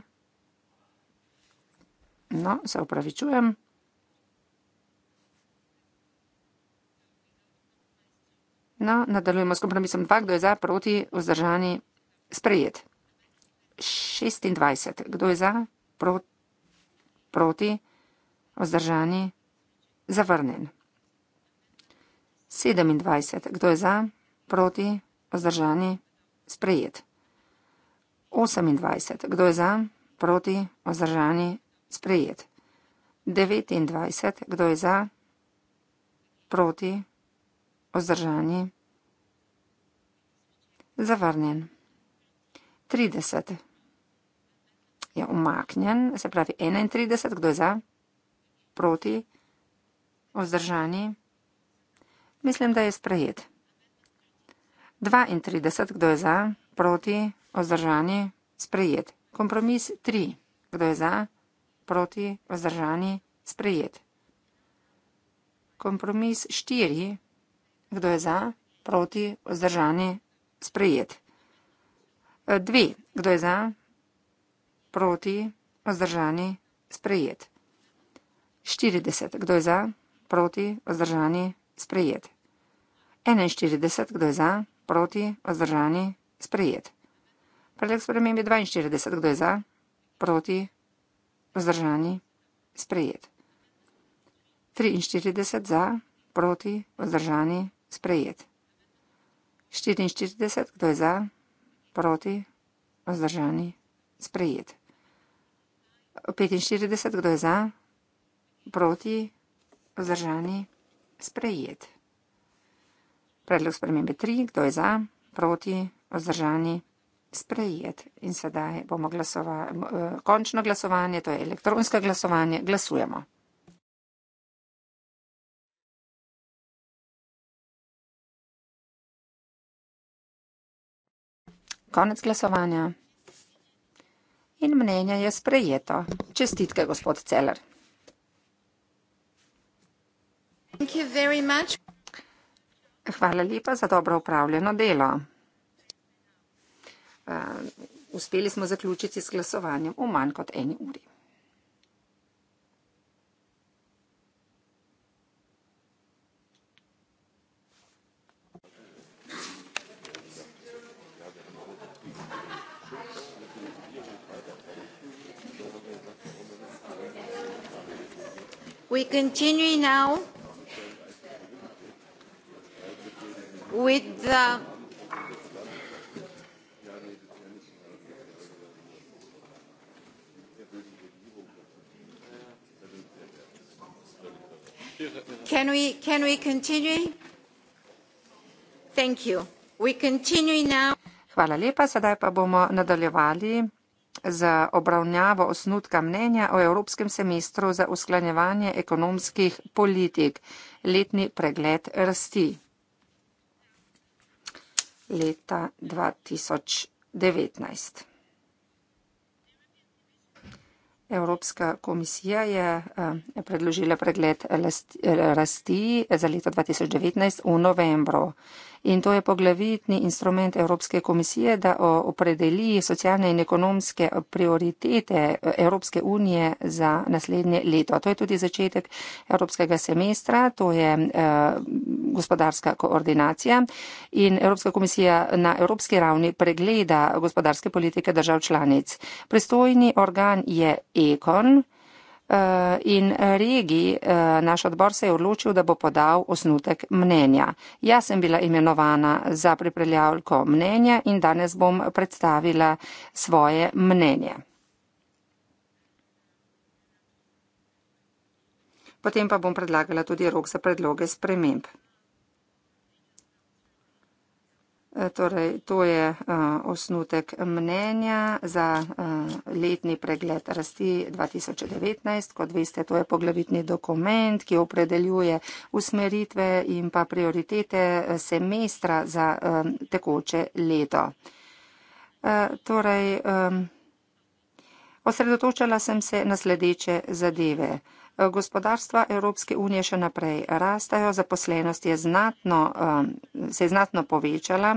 No, se upravičujem. No, nadaljujemo s kompromisom 2, kdo je za, proti, vzdržani, sprejet. 26, kdo je za, pro, proti, vzdržani, zavrnen. 27, kdo je za, proti, vzdržani, sprejet. 28, kdo je za, proti, vzdržani, sprejet. 29, kdo je za, proti, Vzdržani. Zavrnjen. 30. Je umaknjen, se pravi 31, kdo je za? Proti. Vzdržani. Mislim, da je sprejet. 32, kdo je za? Proti. Vzdržani. Sprejet. Kompromis 3. Kdo je za? Proti. Vzdržani. Sprejet. Kompromis 4. Kdo je za, proti, vzdržani, sprejet? E, dve. Kdo je za, proti, vzdržani, sprejet? 40. Kdo je za, proti, vzdržani, sprejet? 41. Kdo je za, proti, vzdržani, sprejet? Predlog spremembe 42. Kdo je za, proti, vzdržani, sprejet? 43. Za, proti, vzdržani, sprejet? sprejet. 44, kdo je za, proti, vzdržani, sprejet. 45, kdo je za, proti, vzdržani, sprejet. Predlog spremembe 3, kdo je za, proti, vzdržani, sprejet. In sedaj bomo glasovali, eh, končno glasovanje, to je elektronsko glasovanje, glasujemo. Konec glasovanja. In mnenje je sprejeto. Čestitke, gospod Celer. Hvala lepa za dobro upravljeno delo. Uh, uspeli smo zaključiti s glasovanjem v manj kot eni uri. We continue now with the... Can we continue? Thank you. We continue now. Hvala lepa. Sedaj pa bomo nadaljevali za obravnjavo osnutka mnenja o Evropskem semestru za usklanjevanje ekonomskih politik. Letni pregled rasti leta 2019. Evropska komisija je eh, predložila pregled rasti za leto 2019 v novembru. In to je poglavitni instrument Evropske komisije, da opredeli socialne in ekonomske prioritete eh, Evropske unije za naslednje leto. To je tudi začetek Evropskega semestra, to je eh, gospodarska koordinacija in Evropska komisija na evropski ravni pregleda gospodarske politike držav članic. Pristojni organ je Ekon eh, in regi, eh, naš odbor se je odločil, da bo podal osnutek mnenja. Jaz sem bila imenovana za pripravljalko mnenja in danes bom predstavila svoje mnenje. Potem pa bom predlagala tudi rok za predloge sprememb. Eh, torej, to je uh, osnutek mnenja za uh, letni pregled rasti 2019. Kot veste, to je poglavitni dokument, ki opredeljuje usmeritve in pa prioritete semestra za uh, tekoče leto. Uh, torej, um, osredotočala sem se na sledeče zadeve. Uh, gospodarstva Evropske unije še naprej rastajo, zaposlenost je znatno, eh, se je znatno povečala,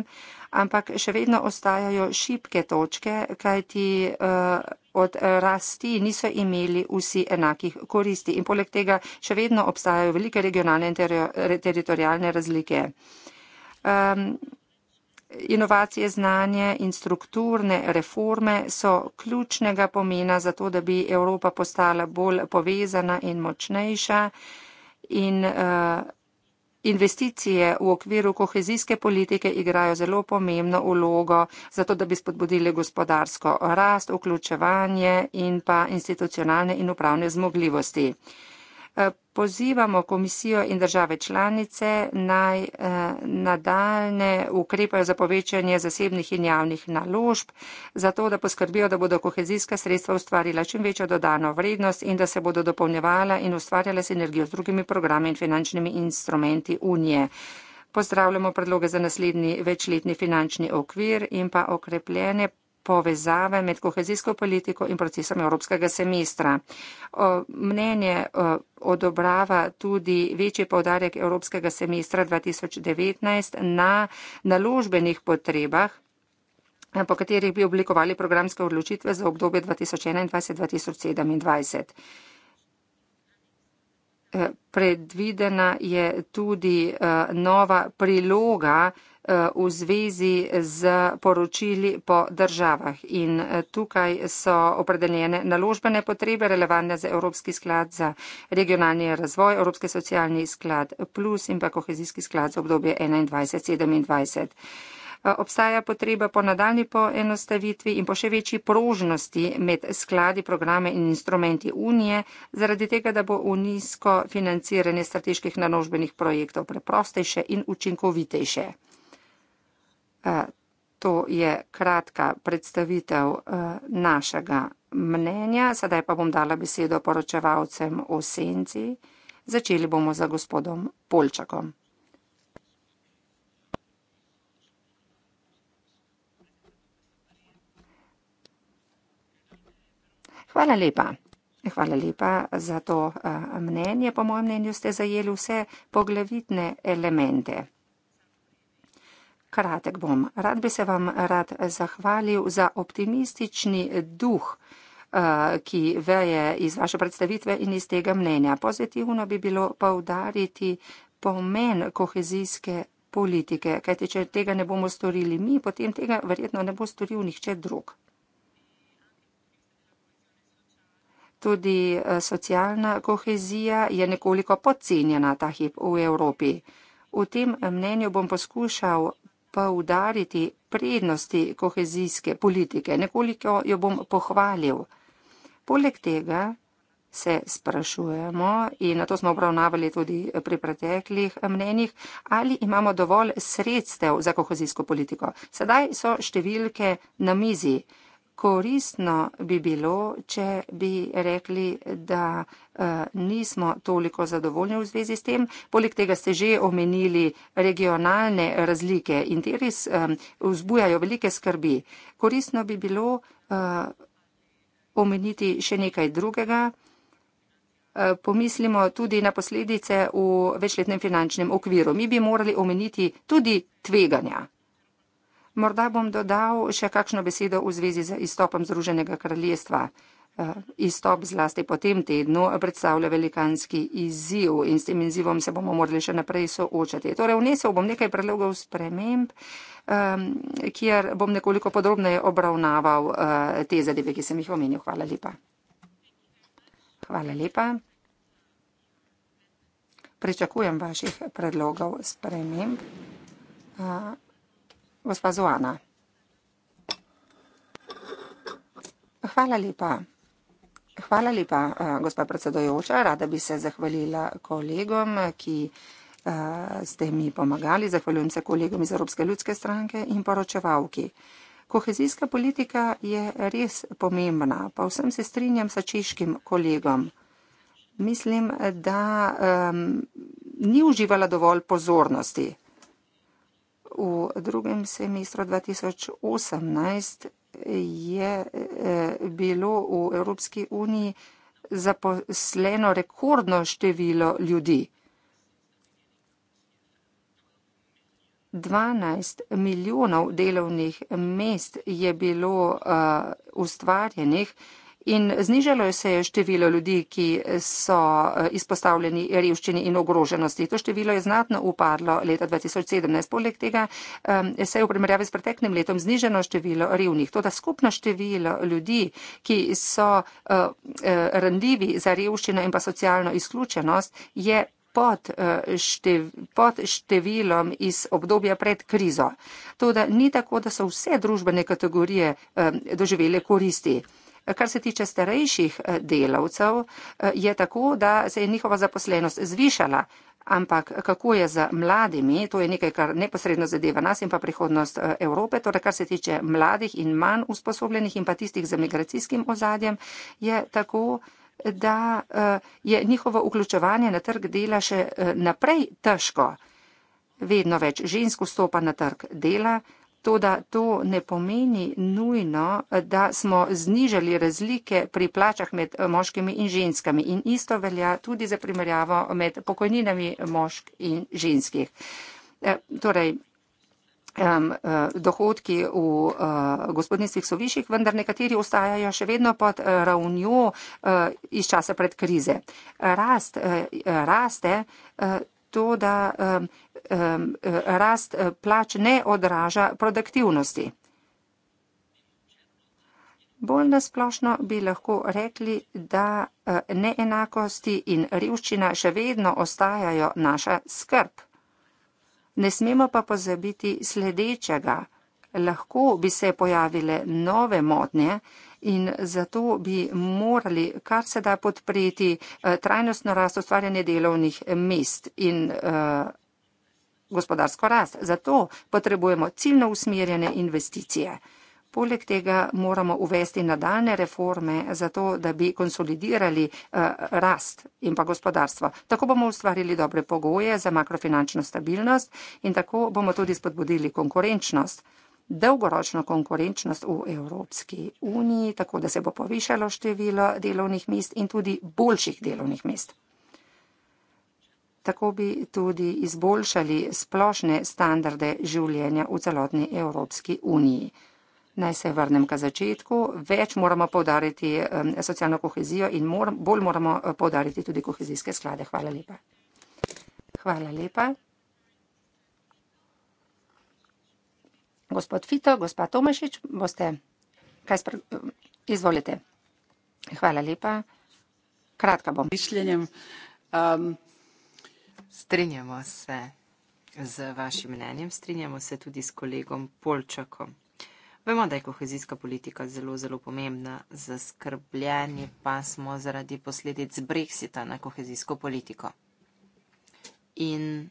ampak še vedno ostajajo šibke točke, kajti eh, od rasti niso imeli vsi enakih koristi. In poleg tega še vedno obstajajo velike regionalne in teritorijalne razlike. Ehm, Inovacije, znanje in strukturne reforme so ključnega pomena za to, da bi Evropa postala bolj povezana in močnejša in uh, investicije v okviru kohezijske politike igrajo zelo pomembno ulogo za to, da bi spodbudili gospodarsko rast, vključevanje in pa institucionalne in upravne zmogljivosti. Uh, Eh, pozivamo komisijo in države članice naj eh, nadaljne ukrepajo za povečanje zasebnih in javnih naložb, zato da poskrbijo, da bodo kohezijska sredstva ustvarila čim večjo dodano vrednost in da se bodo dopolnjevala in ustvarjala sinergijo z drugimi programi in finančnimi instrumenti Unije. Pozdravljamo predloge za naslednji večletni finančni okvir in pa okrepljene povezave med kohezijsko politiko in procesom evropskega semestra. Mnenje odobrava tudi večji povdarek evropskega semestra 2019 na naložbenih potrebah po katerih bi oblikovali programske odločitve za obdobje 2021-2027 predvidena je tudi eh, nova priloga eh, v zvezi z poročili po državah. In eh, tukaj so opredeljene naložbene potrebe relevantne za Evropski sklad za regionalni razvoj, Evropski socialni sklad plus in pa kohezijski sklad za obdobje 2021-2027. Eh, obstaja potreba po nadaljni poenostavitvi in po še večji prožnosti med skladi, programe in instrumenti unije, zaradi tega, da bo unijsko financiranje strateških naložbenih projektov preprostejše in učinkovitejše. Eh, to je kratka predstavitev eh, našega mnenja. Sedaj pa bom dala besedo poročevalcem o senci. Začeli bomo za gospodom Polčakom. Hvala lepa. Hvala lepa za to eh, mnenje. Po mojem mnenju ste zajeli vse poglavitne elemente. Kratek bom. Rad bi se vam rad zahvalil za optimistični duh, eh, ki veje iz vaše predstavitve in iz tega mnenja. Pozitivno bi bilo pa udariti pomen kohezijske politike, kajti če tega ne bomo storili mi, potem tega verjetno ne bo storil nihče drug. Tudi eh, socialna kohezija je nekoliko podcenjena ta hip v Evropi. V tem eh, mnenju bom poskušal poudariti prednosti kohezijske politike, nekoliko jo bom pohvalil. Poleg tega se sprašujemo, in na to smo obravnavali tudi pri preteklih eh, mnenjih, ali imamo dovolj sredstev za kohezijsko politiko. Sedaj so številke na mizi koristno bi bilo, če bi rekli, da eh, nismo toliko zadovoljni v zvezi s tem. Poleg tega ste že omenili regionalne razlike in te res eh, vzbujajo velike skrbi. Koristno bi bilo eh, omeniti še nekaj drugega. Pomislimo tudi na posledice v večletnem finančnem okviru. Mi bi morali omeniti tudi tveganja. Morda bom dodal še kakšno besedo v zvezi z izstopom Združenega kraljestva. Eh, izstop zlasti po tem tednu predstavlja velikanski izziv in s tem izzivom se bomo morali še naprej soočati. Torej, vnesel bom nekaj predlogov sprememb, ehm, kjer bom nekoliko podrobneje obravnaval eh, te zadeve, ki sem jih omenil. Hvala lepa. Hvala lepa. Pričakujem vaših predlogov sprememb. Eh, Gospa Zoana. Hvala lepa. Hvala lepa, eh, gospa predsedojoča. Rada bi se zahvalila kolegom, ki eh, ste mi pomagali. Zahvaljujem se kolegom iz Evropske ljudske stranke in poročevalki. Kohezijska politika je res pomembna, pa vsem se strinjam sa češkim kolegom. Mislim, da um, ni uživala dovolj pozornosti v drugem semestru 2018 je eh, bilo v Evropski uniji zaposleno rekordno število ljudi. 12 milijonov delovnih mest je bilo uh, ustvarjenih, uh, in znižalo se je število ljudi, ki so eh, izpostavljeni revščini in ogroženosti. To število je znatno upadlo leta 2017. Poleg tega se je v primerjavi s preteklim letom zniženo število revnih. Toda skupno število ljudi, ki so eh, eh, randljivi za revščino in pa socialno izključenost, je pod, štev, pod številom iz obdobja pred krizo. Toda ni tako, da so vse družbene kategorije doživele koristi. Kar se tiče starejših eh, delavcev, eh, je tako, da se je njihova zaposlenost zvišala, ampak kako je z mladimi, to je nekaj, kar neposredno zadeva nas in pa prihodnost eh, Evrope, torej kar se tiče mladih in manj usposobljenih in pa tistih z migracijskim ozadjem, je tako, da je njihovo vključevanje na trg dela še naprej težko. Vedno več žensk vstopa na trg dela. Toda to ne pomeni nujno, da smo znižali razlike pri plačah med moškimi in ženskami. In isto velja tudi za primerjavo med pokojninami mošk in ženskih. E, torej, Um, dohodki v uh, e, gospodinstvih so višjih, vendar nekateri ostajajo še vedno pod uh, ravnjo uh, iz časa pred krize. Rast, uh, raste. Uh, to, da um, um, rast eh, plač ne odraža produktivnosti. Bolj nasplošno bi lahko rekli, da eh, neenakosti in revščina še vedno ostajajo naša skrb. Ne smemo pa pozabiti sledečega. Lahko bi se pojavile nove motnje, in zato bi morali kar se da podpreti eh, trajnostno rast ustvarjanje delovnih mest in eh, gospodarsko rast. Zato potrebujemo ciljno usmerjene investicije. Poleg tega moramo uvesti nadaljne reforme, zato da bi konsolidirali uh, rast in pa gospodarstvo. Tako bomo ustvarili dobre pogoje za makrofinančno stabilnost in tako bomo tudi spodbudili konkurenčnost dolgoročno konkurenčnost v Evropski uniji, tako da se bo povišalo število delovnih mest in tudi boljših delovnih mest. Tako bi tudi izboljšali splošne standarde življenja v celotni Evropski uniji. Naj se vrnem ka začetku. Več moramo povdariti socialno kohezijo in moram, bolj moramo eh, povdariti tudi kohezijske sklade. Hvala lepa. Hvala lepa. Gospod Fito, gospa Tomešič, boste kaj spre... Izvolite. Hvala lepa. Kratka bom. Mišljenjem. Um, strinjamo se z vašim mnenjem, strinjamo se tudi s kolegom Polčakom. Vemo, da je kohezijska politika zelo, zelo pomembna. Zaskrbljeni pa smo zaradi posledic Brexita na kohezijsko politiko. In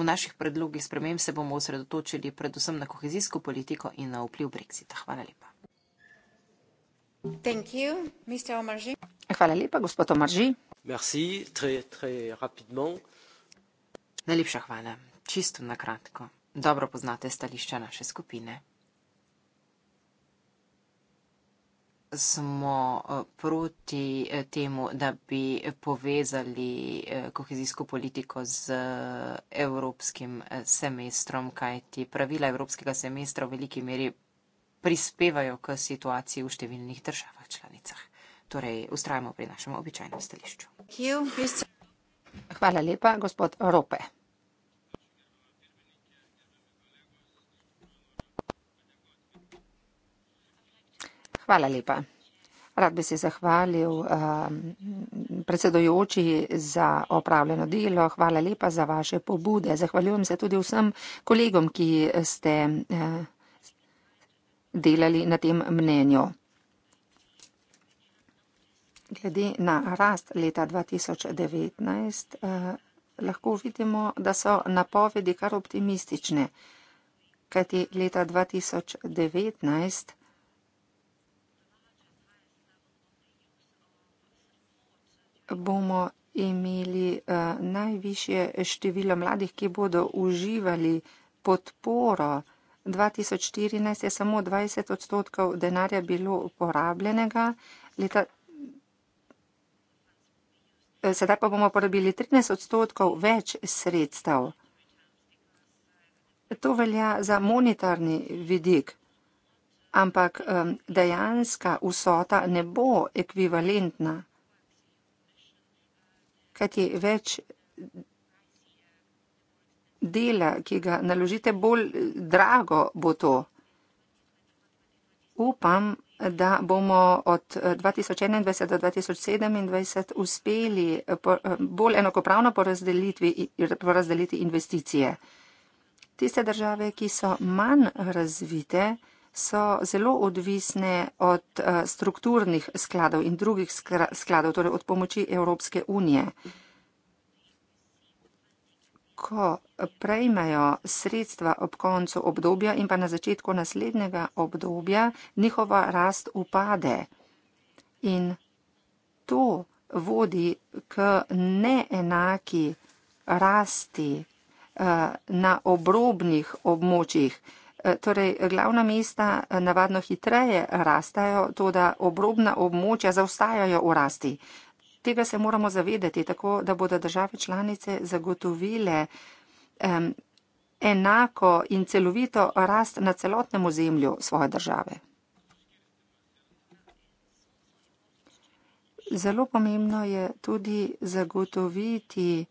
V naših predlogih sprememb se bomo osredotočili predvsem na kohezijsko politiko in na vpliv Brexita. Hvala lepa. Hvala lepa, gospod Omarži. Najlepša hvala. Čisto na kratko. Dobro poznate stališča naše skupine. smo eh, proti eh, temu, da bi povezali eh, kohezijsko politiko z evropskim semestrom, kajti pravila evropskega semestra v veliki meri prispevajo k situaciji v številnih državah članicah. Torej, ustrajamo pri našem običajnem stališču. Hvala lepa, gospod Rope. Hvala lepa. Rad bi se zahvalil um, predsedojoči za opravljeno delo. Hvala lepa za vaše pobude. Zahvaljujem se tudi vsem kolegom, ki ste uh, delali na tem mnenju. Glede na rast leta 2019 eh, lahko vidimo, da so napovedi kar optimistične, kajti leta 2019 bomo imeli eh, najvišje število mladih, ki bodo uživali podporo. 2014 je samo 20 odstotkov denarja bilo uporabljenega, leta... Eh, sedaj pa bomo porabili 13 odstotkov več sredstev. To velja za monetarni vidik, ampak eh, dejanska vsota ne bo ekvivalentna kajti več dela, ki ga naložite, bolj drago bo to. Upam, da bomo od 2021 eh, do 2027 uspeli eh, eh, bolj enakopravno porazdeliti investicije. Tiste države, ki so manj razvite, so zelo odvisne od eh, strukturnih skladov in drugih skladov, torej od pomoči Evropske unije. Ko prejmejo sredstva ob koncu obdobja in pa na začetku naslednjega obdobja, njihova rast upade in to vodi k neenaki rasti eh, na obrobnih območjih. Eh, torej glavna mesta eh, navadno hitreje rastajo, to da obrobna območja zaostajajo v rasti. Tega se moramo zavedati, tako da bodo države članice zagotovile um, enako in celovito rast na celotnem ozemlju svoje države. Zelo pomembno je tudi zagotoviti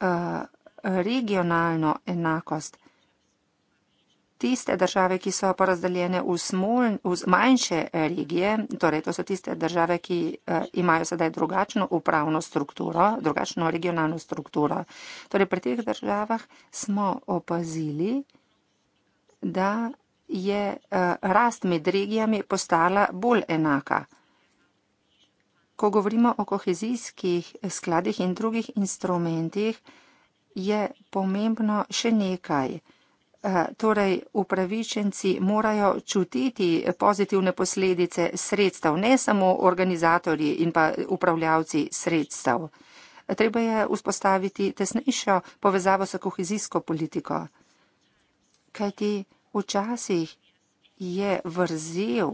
uh, regionalno enakost tiste države, ki so pa razdeljene v, smol, v manjše regije, torej to so tiste države, ki eh, imajo sedaj drugačno upravno strukturo, drugačno regionalno strukturo. Torej pri teh državah smo opazili, da je eh, rast med regijami postala bolj enaka. Ko govorimo o kohezijskih skladih in drugih instrumentih, je pomembno še nekaj. Eh, torej upravičenci morajo čutiti pozitivne posledice sredstev, ne samo organizatorji in pa upravljavci sredstev. Treba je vzpostaviti tesnejšo povezavo s kohezijsko politiko, kajti včasih je vrzel,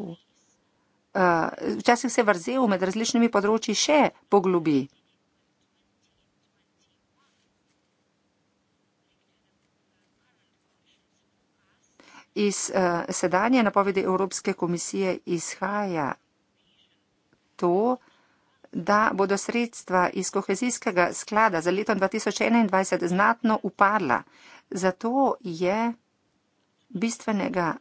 eh, včasih se vrzel med različnimi področji še poglobi. iz uh, sedanje napovedi Evropske komisije izhaja to, da bodo sredstva iz kohezijskega sklada za leto 2021 znatno upadla. Zato je bistvenega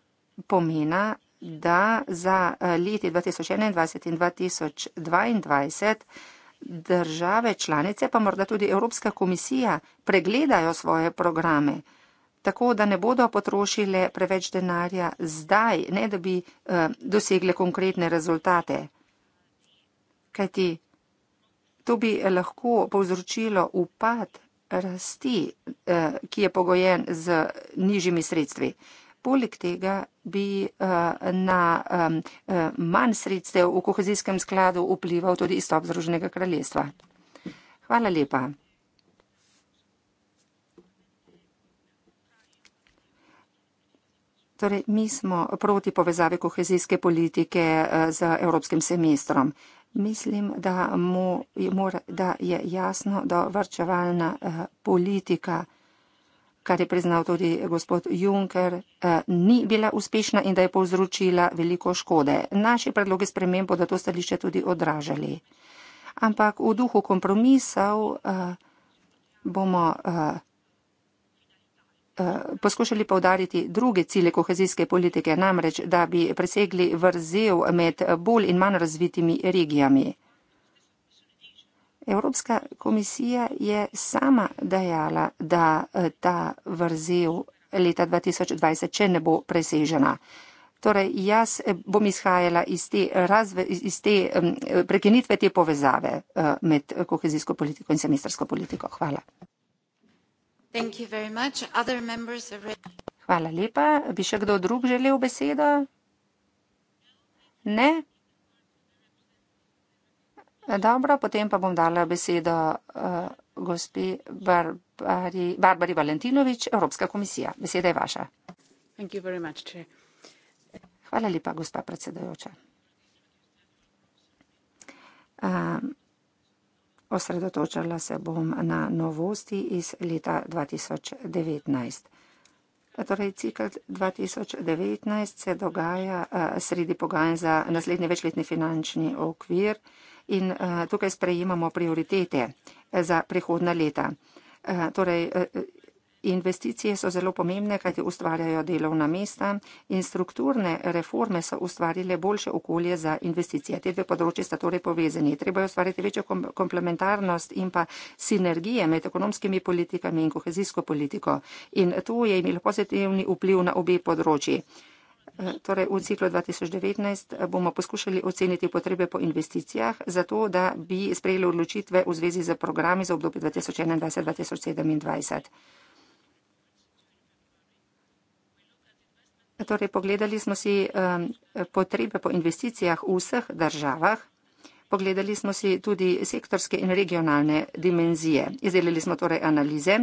pomena, da za eh, leti 2021 in 2022 države članice, pa morda tudi Evropska komisija, pregledajo svoje programe tako da ne bodo potrošile preveč denarja zdaj, ne da bi eh, dosegle konkretne rezultate. Kajti to bi lahko povzročilo upad rasti, eh, ki je pogojen z nižjimi sredstvi. Poleg tega bi eh, na eh, manj sredstev v kohezijskem skladu vplival tudi izstop Združenega kraljestva. Hvala lepa. Torej, mi smo proti povezavi kohezijske politike eh, z evropskim semestrom. Mislim, da, mu, mora, da je jasno, da vrčevalna eh, politika, kar je priznal tudi gospod Juncker, eh, ni bila uspešna in da je povzročila veliko škode. Naši predlogi sprememb bodo to stališče tudi odražali. Ampak v duhu kompromisov bomo. Eh, poskušali povdariti druge cilje kohezijske politike, namreč, da bi presegli vrzel med bolj in manj razvitimi regijami. Evropska komisija je sama dejala, da eh, ta vrzel leta 2020, če ne bo presežena. Torej, jaz eh, bom izhajala iz te, razve, iz te prekinitve te povezave med kohezijsko politiko in semestrsko politiko. Hvala. Hvala lepa. Bi še kdo drug želel besedo? Ne? Dobro, potem pa bom dala besedo uh, gospe Barbari, Barbari Valentinovič, Evropska komisija. Beseda je vaša. Hvala lepa, gospa predsedajoča. Um, ehm, Osredotočala se bom na novosti iz leta 2019. Torej, cikl 2019 se dogaja uh, sredi pogajanj za naslednji večletni finančni okvir in uh, tukaj sprejemamo prioritete eh, za prihodna leta. Uh, torej, uh, Investicije so zelo pomembne, kajti ustvarjajo delovna mesta in strukturne reforme so ustvarile boljše okolje za investicije. Te dve področji sta torej povezani. Treba je ustvariti večjo komplementarnost in pa sinergije med ekonomskimi politikami in kohezijsko politiko. In to je imelo pozitivni vpliv na obe področji. E, torej, v ciklu 2019 bomo poskušali oceniti potrebe po investicijah, zato da bi sprejeli odločitve v zvezi z programi za obdobje 2021-2027. Torej, pogledali smo si eh, potrebe po investicijah v vseh državah. Pogledali smo si tudi sektorske in regionalne dimenzije. Izdelili smo torej analize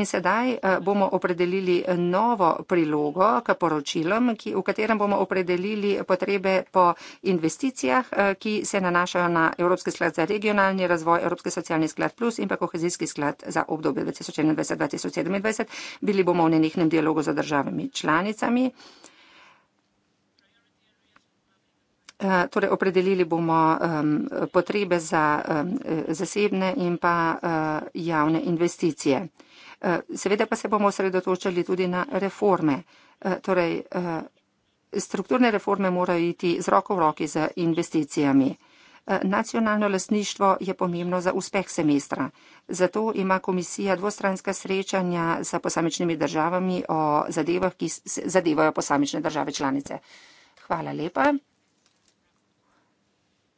in sedaj eh, bomo opredelili novo prilogo k poročilom, ki, v katerem bomo opredelili potrebe po investicijah, eh, ki se nanašajo na Evropski sklad za regionalni razvoj, Evropski socialni sklad plus in pa kohezijski sklad za obdobje 2021-2027. Bili bomo v nenehnem dialogu z državami članicami. Eh, torej, opredelili bomo um, potrebe za um, zasebne in pa uh, javne investicije. Uh, seveda pa se bomo osredotočali tudi na reforme. Uh, torej, uh, strukturne reforme morajo iti z roko v roki z investicijami. Uh, nacionalno lasništvo je pomembno za uspeh semestra. Zato ima komisija dvostranska srečanja z posamičnimi državami o zadevah, ki zadevajo posamične države članice. Hvala lepa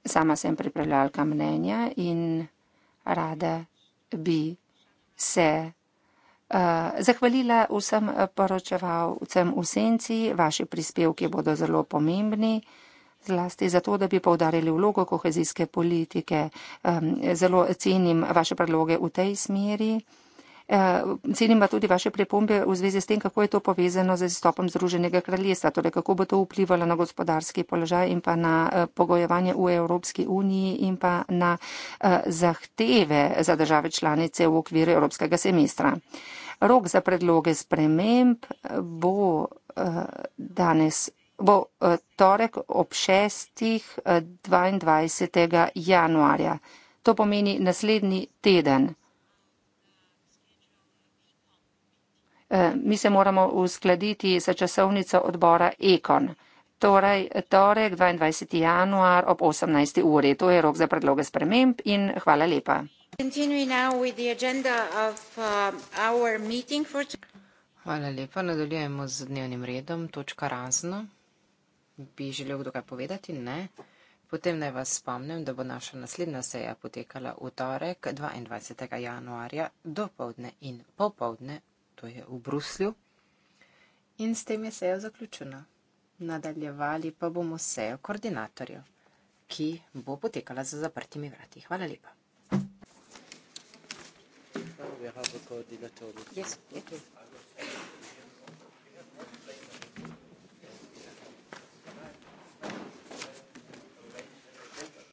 sama sem pripravljalka mnenja in rada bi se Uh, zahvalila vsem poročevalcem v senci, vaši prispevki bodo zelo pomembni, zlasti zato, da bi povdarili vlogo kohezijske politike. Um, zelo cenim vaše predloge v tej smeri. Eh, cenim pa tudi vaše pripombe v zvezi s tem, kako je to povezano z izstopom Združenega kraljestva, torej kako bo to vplivalo na gospodarski položaj in pa na eh, pogojevanje v Evropski uniji in pa na eh, zahteve za države članice v okviru Evropskega semestra. Rok za predloge sprememb bo danes. Bo torek ob 6. 22. januarja. To pomeni naslednji teden. Eh, mi se moramo uskladiti s časovnico odbora Ekon. Torej, torek 22. januar ob 18. uri. To je rok za predloge sprememb in hvala lepa. Uh, hvala lepa. Nadaljujemo z dnevnim redom. Točka razno. Bi želel kdo kaj povedati? Ne. Potem naj vas spomnim, da bo naša naslednja seja potekala v torek 22. januarja do povdne in popovdne pa je v Bruslju. In s tem je sejo zaključena. Nadaljevali pa bomo sejo koordinatorjev, ki bo potekala za zaprtimi vrati. Hvala lepa. We have a coordinator. Yes, yes.